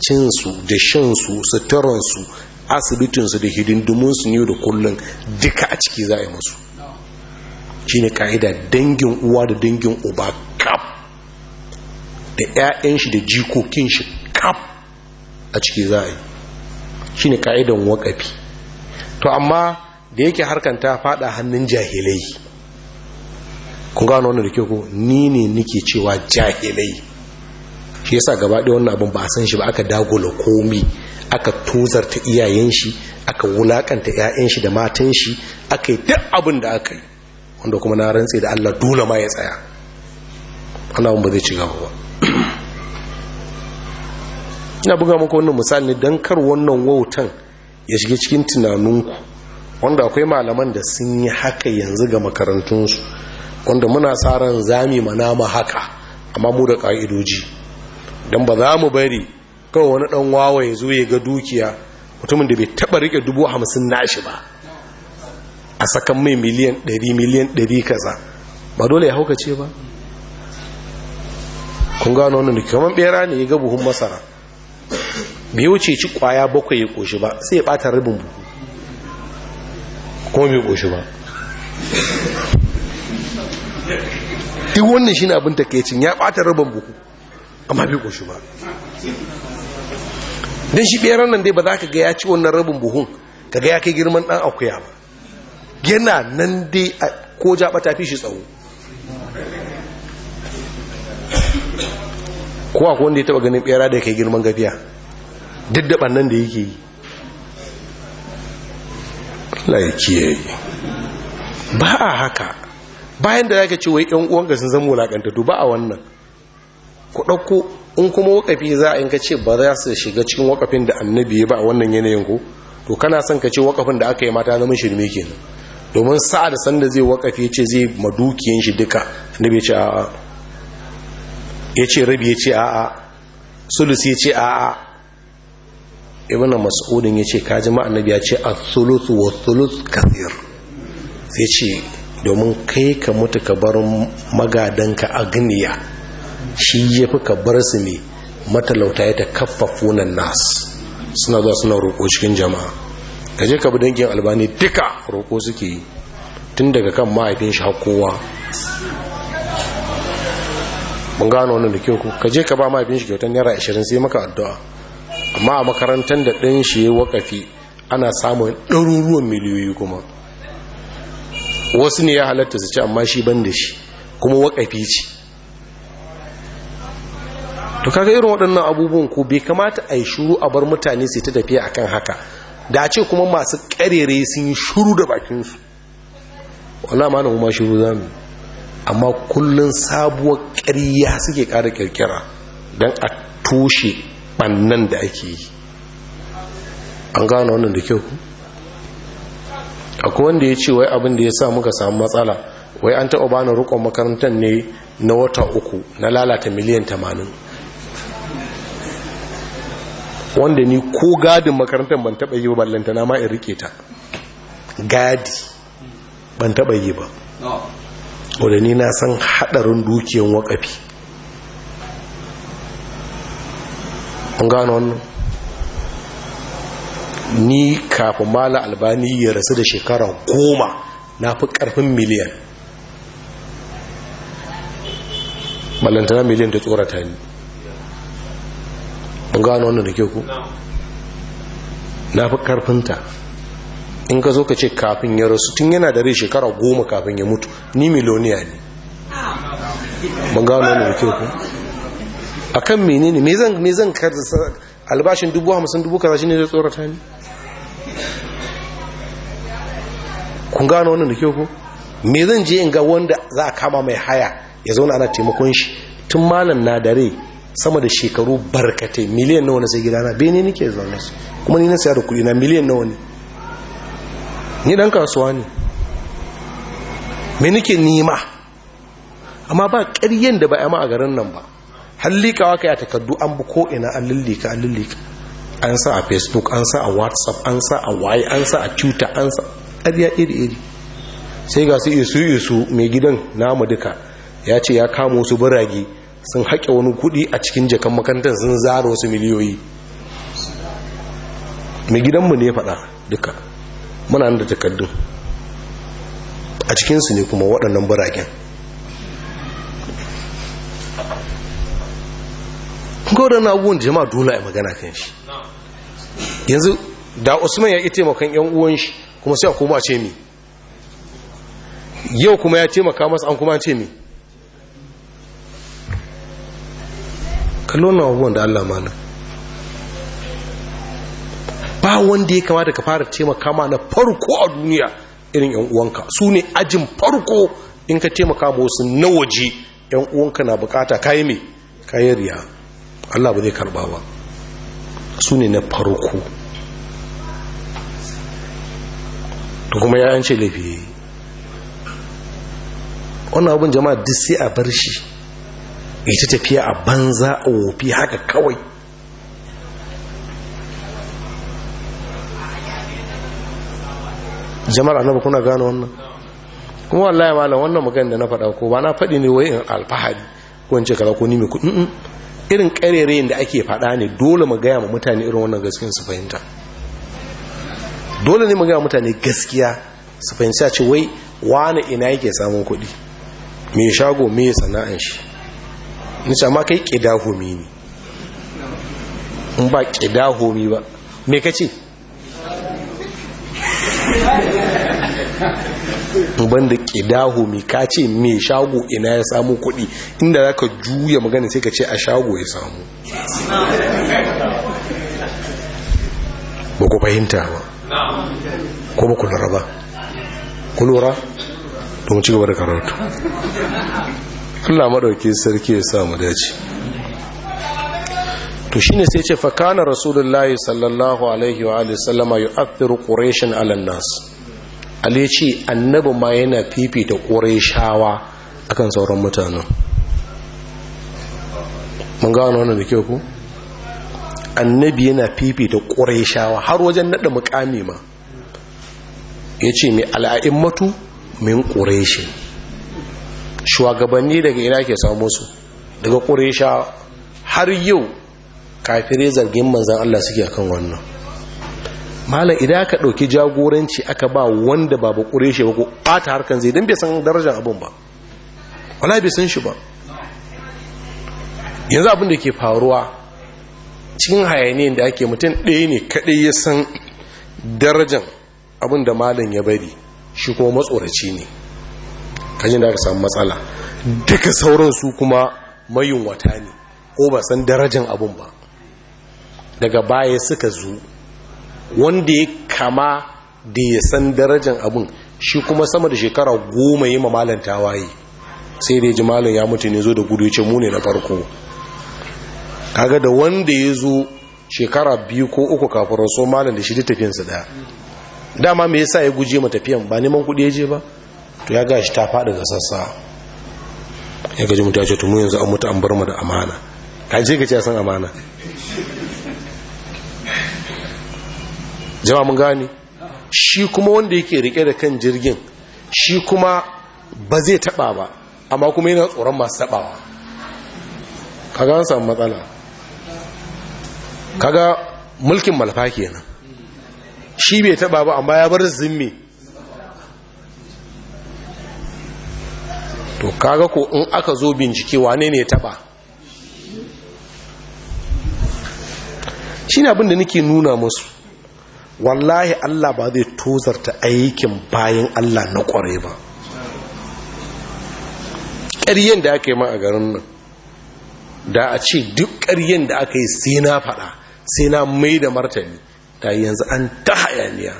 cinsu da shansu suturansu asibitinsu da hidindimunsu ne da kullum duka a ciki za a yi musu shi ne ka'ida dangin uwa da dangin uba kaf da 'ya'yan shi da jikokin shi kaf a ciki za a yi shi ne ka'idan wakafi to amma da yake harkanta ta fada hannun jahilai kun gano wannan da ke ko ni ne nike cewa jahilai shi yasa gaba ɗaya wannan abin ba a san shi ba aka dagula komi aka tozarta iyayen shi aka wulakanta 'ya'yan shi da matan shi aka yi duk abin da aka yi wanda kuma na rantse da Allah dole ma ya tsaya wannan abin ba zai ci gaba ba ina buga muku wannan misali ne dan kar wannan wautan ya shiga cikin tunaninku wanda akwai malaman da sun yi haka yanzu ga makarantunsu wanda muna sa ran zami manama haka amma mu da ka'idoji don ba za mu bari kawai wani ɗan wawa ya zo ya ga dukiya mutumin da bai taɓa riƙe dubu hamsin nashi ba a sakan mai miliyan ɗari miliyan ɗari kaza ba dole ya haukace ba kun gano wani kaman kamar bera ne ya ga buhun masara bai wuce ci kwaya bakwai ya koshi ba sai ya ɓata rabin buhu kuma bai koshi ba duk wannan shi abin takaicin ya ɓata rabin buku amma bai ƙoshi ba don shi ɓeran nan dai ba za ka ga ya ci wannan rabin buhun ka ga ya kai girman ɗan akuya ba yana nan dai ko jaɓa ta fi shi tsawo ko akwai wanda ya taɓa ganin ɓera da ya kai girman gafiya daddaɓan nan da yake yi ba a haka bayan da zaka ce wai ƴan ka sun zama wulakantattu ba a wannan ku ɗauko in kuma wakafi za a yanka ce ba za su shiga cikin wakafin da annabi ya ba a wannan yanayin ko to kana son ka ce wakafin da aka yi mata zama shirme kenan domin sa'a da sanda zai wakafi ya ce zai madukiyan shi duka annabi ya ce a'a ya ce rabi ya ce a'a sulus ya ce a'a ibn mas'udin ya ce kaji ma annabi ya ce a thuluth wa thuluth kathir sai ce domin kai ka mutu ka bar magadanka ganiya shi ya fi ka bar su ne matalauta ya ta kafa funan nas suna zuwa suna roƙo cikin jama'a ka je ka bi dangin albani duka roƙo suke yi tun daga kan mahaifin shi kowa mun gano da kyau ka je ka ba mahaifin shi kyautar naira ashirin sai maka addu'a amma a makarantar da ɗan shi ya wakafi ana samun ɗaruruwan miliyoyi kuma wasu ne ya halatta su ci amma shi ban da shi kuma wakafi ce to kaga irin waɗannan abubuwan ko bai kamata a yi shuru a bar mutane sai ta tafiya akan haka da a ce kuma masu ƙarere sun yi shuru da bakinsu wala ma na kuma shuru za mu amma kullum sabuwar ƙarya suke ƙara ƙirƙira don a toshe ɓannan da ake yi an gano wannan da kyau akwai wanda ya ce wai abin da ya sa muka samu matsala wai an taɓa bani rukon makarantar ne na wata uku na lalata miliyan tamanin wanda ni ko gadin makarantar ban taɓa yi ba ballanta ma in rike ta gadi ban taɓa yi ba wadda ni na san haɗarin dukiyan waƙafi an gano wannan ni kafin mala albani ya rasu da shekara goma na fi karfin miliyan malantana miliyan ta tsorata ni ban gano wannan da ke ku na fi ƙarfinta. in ka zo ka ce kafin ya rasu tun yana da rai shekara goma kafin ya mutu ni miloniya ne ban gano wannan da ke ku a kan menene me zan kar albashin dubu hamsin dubu kaza shi ne zai tsorata ni kun gano wannan da ke ku me zan je in ga wanda za a kama mai haya ya zauna ana taimakon shi tun malam na dare sama da shekaru barkatai miliyan nawa na sai gidana bene nake zaune su kuma ni na saya da kuɗi na miliyan nawa ne ni dan kasuwa ne me nake nima amma ba ƙaryen da ba a ma a garin nan ba hallikawa kai a takardu an bu ko ina an lullika an lullika an sa a facebook an sa a whatsapp an sa a waye an sa a twitter an sa ƙarya iri-iri sai ga su isu isu mai gidan namu duka ya ce ya kamo su birage sun haƙe wani kuɗi a cikin jakan makantar sun zaro su miliyoyi mai gidanmu ne ya faɗa duka muna da takardun a cikinsu ne kuma waɗannan biragen gauran abubuwan jama'a dole a magana kan shi yanzu da usman ya ita makon 'yan uwan shi kuma sai a koma ce mi yau kuma ya taimaka masa an kuma ce mi kallon abubuwan da allah malam ba wanda ya kamata ka fara taimaka ma na farko a duniya irin yan uwanka su ne ajin farko in ka taimaka ma wasu na waje yan uwanka na bukata kayi mai kayan riya allah ba zai karba ba su ne na farko to kuma ya ce laifi ya yi wannan abin jama'a duk sai a bar shi ita tafiya a banza a wofi haka kawai jama'ar annaba kuna gano wannan kuma wallahi malam wannan magana da na faɗa ko ba na faɗi ne wai in alfahari ko in ce kaza ko ni mai kuɗi irin ƙarerayin da ake faɗa ne dole mu gaya ma mutane irin wannan gaskiyar su fahimta dole ne mu mutane gaskiya su fahimci a ce wai wani ina yake samun kuɗi me shago me sana'an shi sa ma kai homi ne in ba homi ba me kace ban da homi ka ce me shago ina ya samu kuɗi inda za ka juya magana sai ka ce a shago ya samu ba ku fahimta ba ko ba ku lura ba ku lura to mu ci gaba da karatu Allah madauki sarki ya sa mu dace to shine sai ce fa kana rasulullahi sallallahu alaihi wa alihi sallama yu'athiru quraishan ala nas ali ce annabi ma yana fifita qurayshawa akan sauran mutanen mun ga wannan da kyau ko annabi yana fifita ƙureshawa har wajen naɗa mukami ma ya ce mai matu min ƙureshi shugabanni daga ina ke samu su daga ƙureshawa har yau kafire zargin manzan Allah suke kan wannan malam idan aka ɗauki jagoranci aka ba wanda ba ba ƙureshe ba ko ɓata harkan zai don bai san darajar abin ba wala bai san shi ba yanzu abin da ke faruwa cikin hayaniyan da ake mutum ɗaya ne kaɗai ya san darajan abin da malam ya bari shi kuma matsoraci ne kajin da aka samu matsala duka sauran su kuma mayunwata ne ko ba san darajan abin ba daga baya suka zo wanda ya kama da ya san darajan abin shi kuma sama da shekara goma yi ma malam tawaye sai da ya ji malam ya mutu ne zo da gudu ya ce mu ne na farko kaga da wanda ya zo shekara biyu ko uku kafin rasu malam da shi da tafiyansa daya dama mai yasa ya guje ma tafiyan ba neman kuɗi ya je ba to ya gashi ta faɗi ga sassa ya gaji mutu ya ce tumu yanzu an mutu an bar mu da amana ka je gaci ya san amana jama mun gane shi kuma wanda yake rike da kan jirgin shi kuma ba zai taɓa ba amma kuma yana tsoron masu taɓawa ka gan samu matsala kaga mulkin malfa kenan shi bai taba ba amma ya bar zimmi to kaga ko in aka zo bincike wane ne ya taba shi ne abinda nake nuna musu wallahi Allah ba zai tozarta aikin bayan Allah na kware ba ƙaryen da aka yi ma a garin nan da a ce duk ƙaryen da aka yi sai na faɗa sai na mai da martani ta yanzu an ta hayaniya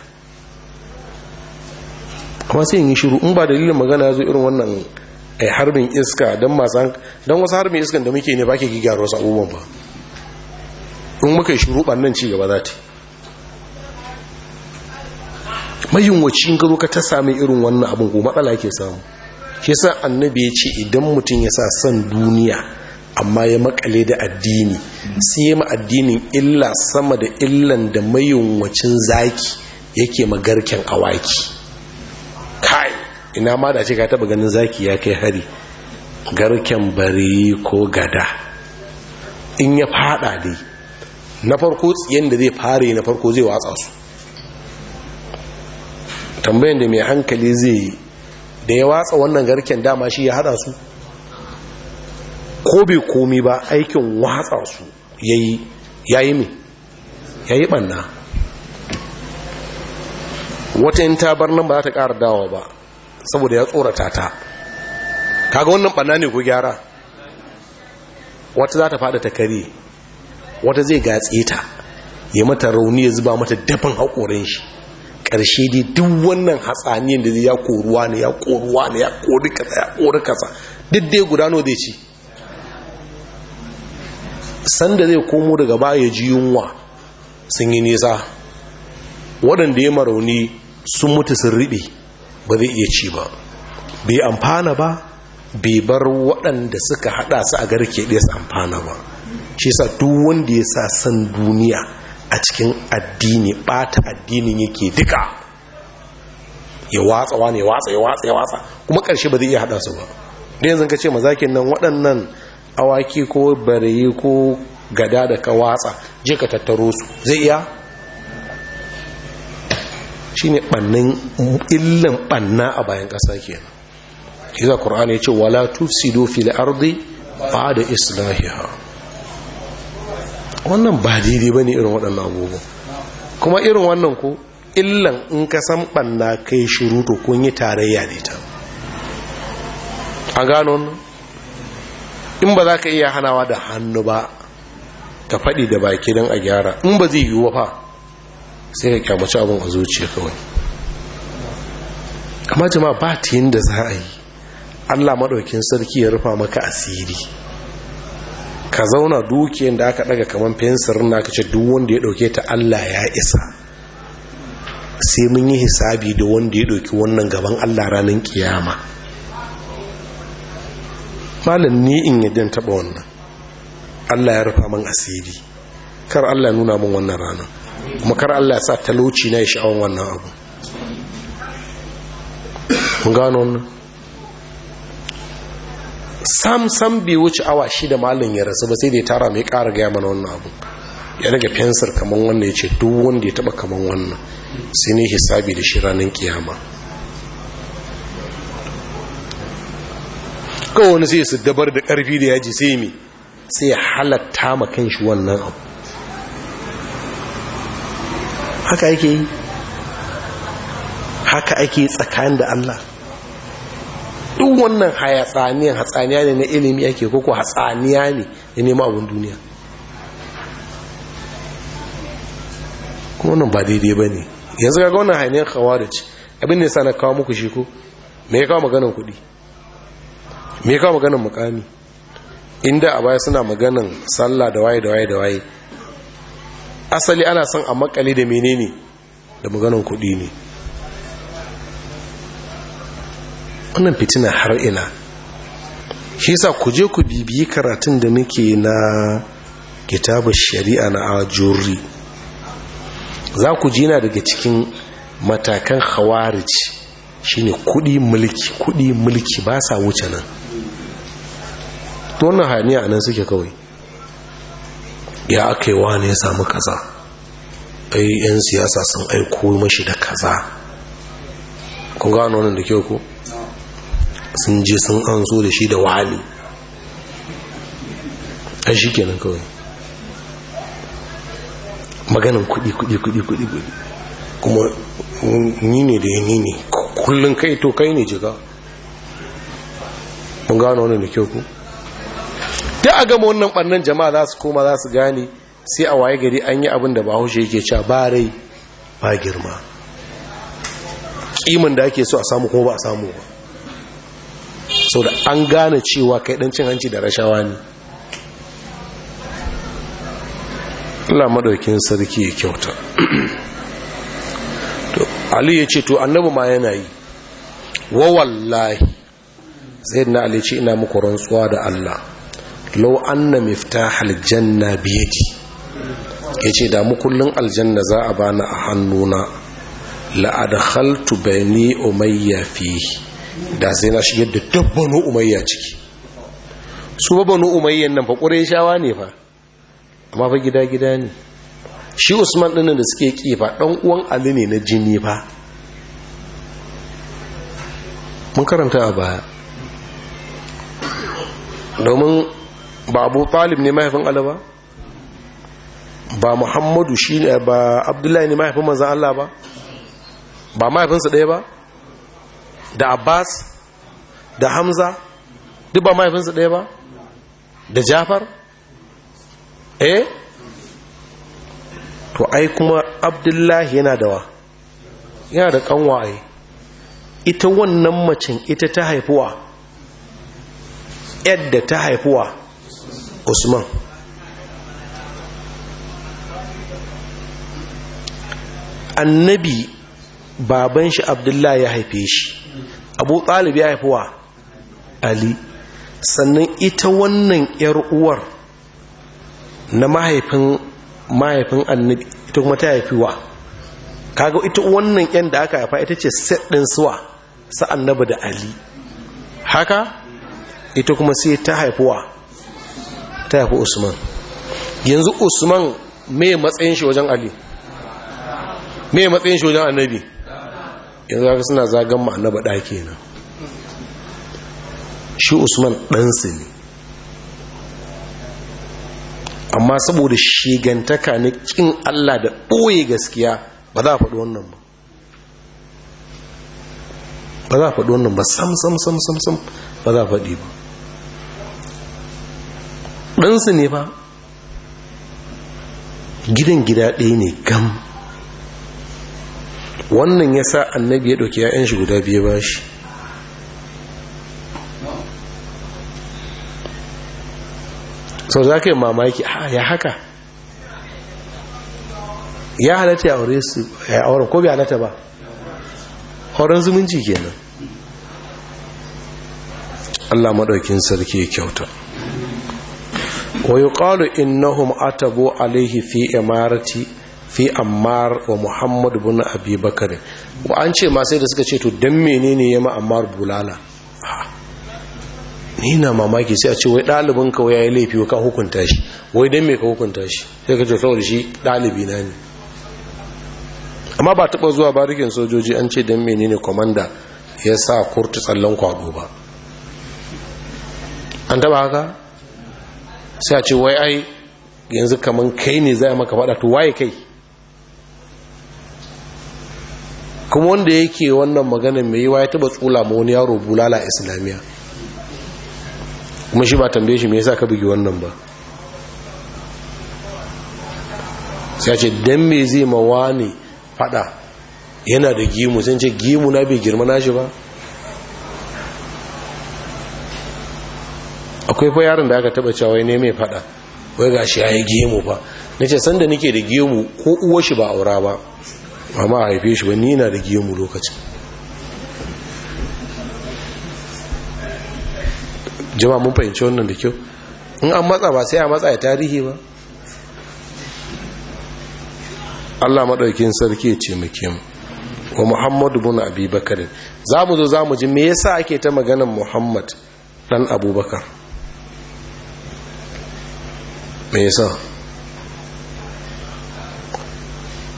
amma sai yi shiru in ba dalilin magana ya zo irin wannan eh, harbin iska don masu don wasu harbin iska da muke ne ba ke gyara wasu abubuwan ba in muka yi shiru ɓannan ci gaba za ta mayunwacin garo ka ta sami irin wannan abin ko matsala ke samu shi sa annabi ya ce idan mutum ya sa son duniya amma ya makale da addini sai ya ma addinin illa sama da illan da mayunwacin zaki yake magarken awaki kai ina ma da ce ka taba ganin zaki ya kai hari garken bari ko gada in ya fada dai na farko tsiyan da zai fara yi na farko zai watsa su tambayan da mai hankali zai da ya watsa wannan garken dama shi ya hada su ko bai komi ba aikin watsa su yi yayi Ya yi banna wata in ta bar nan ba za ta ƙara dawa ba saboda ya tsorata ta kaga wannan banna ne ko gyara wata za ta fada ta kare wata zai gatse ta ya mata rauni ya zuba mata dafin haƙorin shi ƙarshe dai duk wannan hatsaniyar da ya koruwa ne ya koruwa ne ya kori kasa ya kori kasa duk dai gudano zai ci sanda zai komo daga baya ji yunwa sun yi nisa waɗanda ya marauni sun mutu sun riɓe ba zai iya ci ba bai amfana ba bai bar waɗanda suka haɗa su a garke ɗaya su amfana ba shi sa duk wanda ya sa san duniya a cikin addini ɓata addinin yake duka ya watsa wani ya watsa ya watsa ya watsa kuma ƙarshe ba zai iya haɗa su ba da yanzu ka ce mazakin nan waɗannan awaki ko bareyi ko gada da ka watsa je ka tattaro su zai iya shine ɓannin illan ɓanna a bayan ƙasa kenan iza qur'ani ya ce wala tufsidu fil ardi islahi ha. wannan ba daidai ba ne irin waɗannan abubuwa kuma irin wannan ko illan in ka san ɓanna kai shiru to kun yi tarayya da ita a gano in ba za ka iya hanawa da hannu ba ka faɗi da baki don a gyara in ba zai yiwu fa sai ka kyamaci abin a zuciya kawai amma jama'a ba ta yin da za a yi allah maɗaukin sarki ya rufa maka asiri ka zauna dukiyar da aka ɗaga kamar fensirin na ka ce duk wanda ya ɗauke ta allah ya isa sai mun yi hisabi da wanda ya ɗauki wannan gaban allah ranar kiyama malam ni in yadda taɓa wannan allah ya rufa man asiri kar allah nuna min wannan rana kuma kar allah ya sa talauci na ya sha'awan wannan abu mun gano wannan sam sam bai wuce awa shi da malam ya rasu ba sai da ya tara mai ƙara gaya mana wannan abu ya rage fensir kamar wannan ya ce duk wanda ya taba kaman wannan sai ne hisabi da shi ranar kiyama kawai wani sai su dabar da ƙarfi da yaji sai mi sai halatta makan shi wannan abu haka ake yi haka ake tsakanin da Allah duk wannan hayatsaniyan hatsaniya ne na ilimi ake koko hatsaniya ne ya nema abin duniya kuma wannan ba daidai ba ne yanzu ga wannan hanyar khawarij abin da ya sa na kawo muku shi ko me ya kawo maganin kuɗi me ka maganin mukami inda a baya suna maganan sallah da waye da waye da waye asali ana son a makale da menene da maganin kuɗi ne wannan fitina har ina shi sa ku je ku bibiyi karatun da muke na kitabar shari'a na ajuri za ku jina daga cikin matakan khawarij shine kudi mulki kudi mulki ba sa wuce nan to wannan hayaniya nan suke kawai ya aka yi wane ya samu kaza ai yan siyasa sun aiko mashi da kaza kun gano wannan da kyau ku? sun je sun an zo da shi da wani a shi kenan kawai maganin kudi kudi kudi kudi kudi kuma ni ne da ni ne kullum kai to kai ne jiga Kun gano wannan da kyau ku da a gama wannan ɓannan jama'a za su koma za su gane sai a waye gari an yi abin da ba haushe yake ca, ba rai ba girma kiman da ake so a samu ko ba a samu ba sau da an gane cewa kai ɗan cin hanci da rashawa ne Allah maɗaukin sarki ya kyauta Ali ya ce to annabu ma yana yi wa wallahi zai na Ali ce ina muku rantsuwa da Allah lau anna haljanna janna biyadi yace da mu aljanna za a bani a hannuna la adkhaltu bani umayya fihi da sai na shigar da dabbanu umayya ciki su ba banu umayyan nan fa shawa ne fa amma fa gida gida ne shi usman ɗinnan da suke ki fa uwan ali ne na jini fa mun karanta a baya domin ba abu talib ne mahaifin ala ba ba muhammadu shi ne ba abdullahi ne mahaifin manzan allah ba ba mahaifinsa ɗaya ba da abbas da hamza duk ba mahaifinsa ɗaya ba da jafar eh to ai kuma abdullahi yana da wa yana da kanwaye ita wannan macin ita ta haifuwa yadda ta haifuwa usman annabi baban shi abdullahi ya haife shi abu talib ya haifuwa ali sannan ita wannan yar uwar na mahaifin mahaifin annabi ita kuma ta haifiwa kaga ita wannan yan da aka haifa ita ce set suwa sa annabi da ali haka ita kuma sai ta haifuwa ta yafi usman yanzu usman mai matsayin shi wajen ali mai matsayin shi wajen annabi yanzu haka suna zagan ma annaba ɗaki na shi usman ɗansu ne amma saboda shigantaka na ƙin allah da ɓoye gaskiya ba za a faɗi wannan ba ba za a faɗi wannan ba sam sam sam sam sam ba za a faɗi ba ɗansu ne ba gidan gida ɗaya ne gam wannan ya sa annabi ya ɗauki ya'yan shi guda biyu ba shi sau za ka yi mamaki ah, ya haka ya halatta ya aure su ya aure ko bai halatta ba auren zumunci kenan Allah maɗaukin sarki ya kyauta wa yuqalu innahum atabu alaihi fi imarati fi ammar wa muhammad ibn abi bakr wa an ce ma sai da suka ce to dan ne ya ma bulala ni na mamaki sai a ce wai ɗalibin ka ya yi laifi ka hukunta shi wai dan me ka hukunta shi sai ka ce saboda shi ɗalibi na ne amma ba taɓa zuwa barikin sojoji an ce dan menene komanda ya sa kurtu tsallan kwado ba an taɓa haka sai a ce wai ai yanzu kamar kai ne zai maka faɗa to waye kai kuma wanda yake wannan maganin mai yi wa ya taɓa tsula ma wani yaro bulala islamiyya kuma shi ba tambaye shi me yasa ka bugi wannan ba sai ce don me zai mawa ne fada yana da gimu sai ce gimu na bai girma nashi ba akwai fa yaron da aka taba cewa ne mai fada wai gashi yayi gemu fa nace sanda nake da gemu ko uwar shi ba aura ba amma haife shi ba ni na da gemu lokacin jama'a mun fahimci wannan da kyau in an matsa ba sai a matsa ya tarihi ba Allah madaukin sarki ya ce muke mu wa Muhammadu ibn Abi Bakar za mu zo za mu ji me yasa ake ta maganar Muhammad dan Abubakar me yasa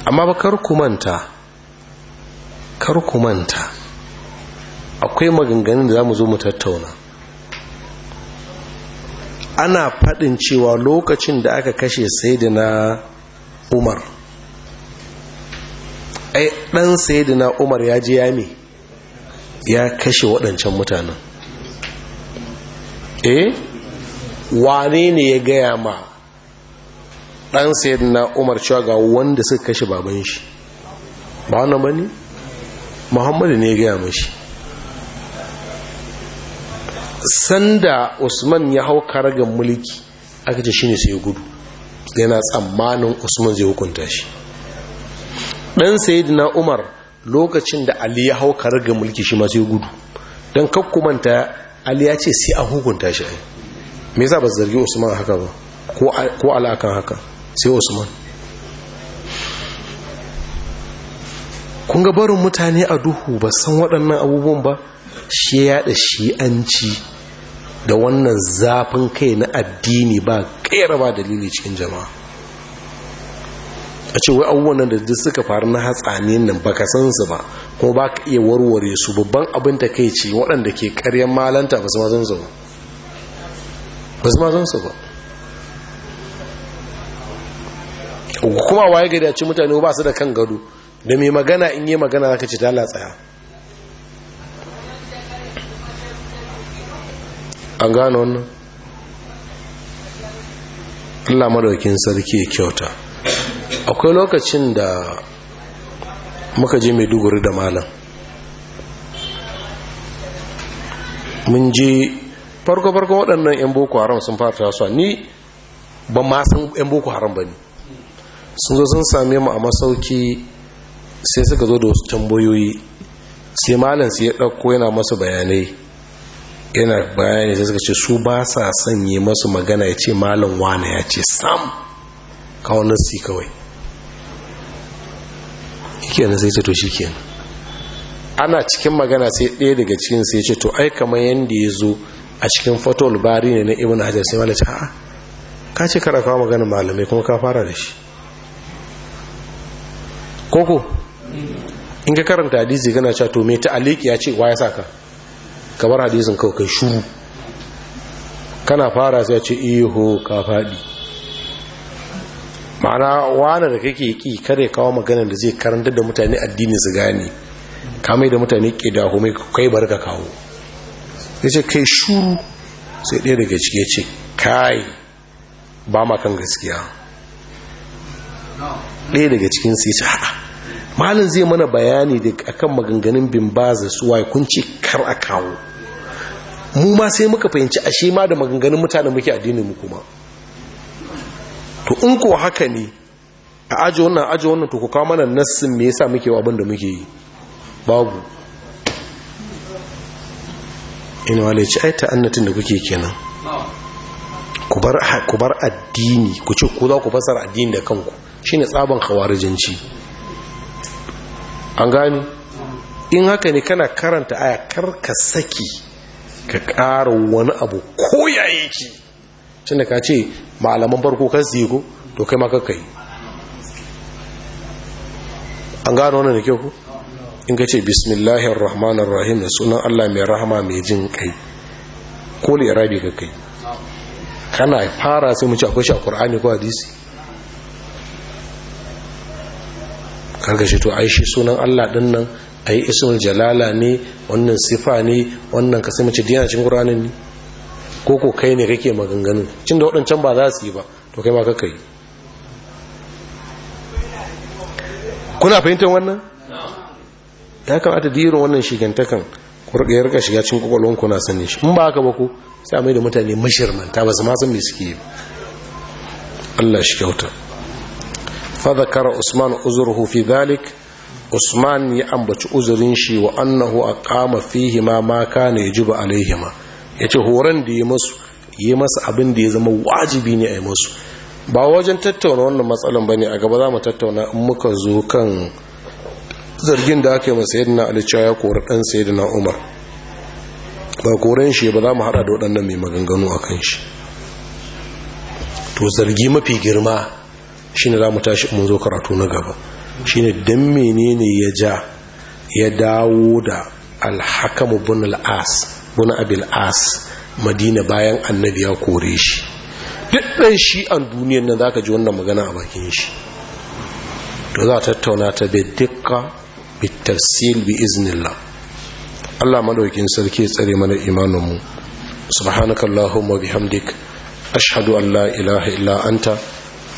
amma ba kar ku manta kar ku manta akwai maganganun da za mu zo mu tattauna ana faɗin cewa lokacin da aka kashe saidina umar ai ɗan saidina umar ya ji yami ya kashe waɗancan mutanen eh wane ne ya gaya ma ɗan sayyidina umar cewa ga wanda suka kashe baban shi ba wannan ba ne muhammadu ne ya gaya mashi sanda usman ya hau karagan mulki aka ce shine sai gudu yana tsammanin usman zai hukunta shi dan sayyidina umar lokacin da ali ya hau karagan mulki shi ma sai gudu dan kakkumanta ali ya ce sai a hukunta shi me yasa ba zargi usman haka ba ko alakan haka sai usman kun ga barin mutane a duhu ba san waɗannan abubuwan ba shi ya da shi'anci da wannan zafin kai na addini ba kera ba dalili cikin jama'a a ce wai abubuwan da duk suka faru na hatsanin nan ba ka san su ba kuma ba ka iya warware su babban abin da kai ce waɗanda ke karyar malanta ba su ma zan su ba kuma waye gari a ci mutane ba su da kan gado da mai magana in yi magana za ka ce ta tsaya an gano wannan Allah madaukin sarki ya kyauta akwai lokacin da muka je maiduguri da malam mun je farko-farko waɗannan 'yan boko haram sun fara tasa ni ba ma san 'yan boko haram ba ne sun zo sun same mu a masauki sai suka zo da wasu tambayoyi sai malam sai ya ɗauko yana masu bayanai yana bayani sai suka ce su ba sa sanye masu magana ya ce malam wane ya ce sam su yi kawai yake na sai ce to shi kenan ana cikin magana sai ɗaya daga cikin sai ce to ai kamar yadda ya zo a cikin fatowar bari ne na ibn hajar sai malam ce a'a ka ce kara kawo maganin malamai kuma ka fara da shi koko in ka karanta hadisi kana cewa to me ta aliki ya ce wa ya saka ka bar hadisin kawai kai shuru kana fara sai ce iho ka fadi ma'ana wani da kake ki kare kawo maganar da zai karanta da mutane addini su gane kamai da mutane ke da hume kai bar ka kawo ya ce kai shuru sai ɗaya daga cike ce kai ba ma kan gaskiya ɗaya daga cikin sai ce haɗa malin zai mana bayani da akan maganganun bimbaza su suwa kun ce kar a kawo mu ma sai muka fahimci ashe ma da maganganun mutane muke addinin mu kuma to in ko haka ne a aji wannan aji wannan to ku kawo mana nassin me yasa muke wa abin da muke yi babu ina wale ci ai annatin da kuke kenan ku bar addini ku ce ku za ku fasara addini da kanku shine tsaban khawarijinci an gani in haka ne kana karanta aya karka saki ka ƙara wani abu ko ya ki shi da ka ce malaman farko kan su yi ko to kai maka kai an gano wannan da kyau ku in ka ce bismillahir rahmanir rahim sunan Allah mai rahama mai jin kai ko Rabi ka kai kana fara sai mu ci akwai shi a ko hadisi kaga shi to ai shi sunan Allah din nan ai ismul jalala ne wannan sifa ne wannan ka sai mace diyana cikin Qur'anin ne ko ko kai ne kake maganganu cin da waɗancan ba za su yi ba to kai ma ka kai kuna fahimtar wannan ya kamata diro wannan shigantakan kurɗe rika shiga cikin ku kuna sanin shi in ba haka ba ku sai a mai da mutane mashirmanta ba su ma san me suke yi Allah shi kyauta fa usman uzurhu fi usman ya ambaci uzurin shi wa annahu aqama fihi ma ma kana yajibu alaihima yace horon da yi musu yi masa abin da ya zama wajibi ne a yi masu. ba wajen tattauna wannan matsalan ne, a gaba za mu tattauna in muka zo kan zargin da aka yi masa yadda ali cewa ya kori dan sayyidina umar ba koran shi ba za mu haɗa da waɗannan mai maganganu a kan shi to zargi mafi girma shine za mu tashi mun zo karatu na gaba shine dan menene ya ja ya dawo da alhakamu bin al'as bin abil as madina bayan annabi ya kore shi duk ɗan shi an duniyar nan zaka ji wannan magana a bakin shi to za tattauna ta bi dukka bi tafsil bi iznillah Allah madaukin sarki tsare mana imanin mu subhanakallahumma bihamdik ashhadu an la ilaha illa anta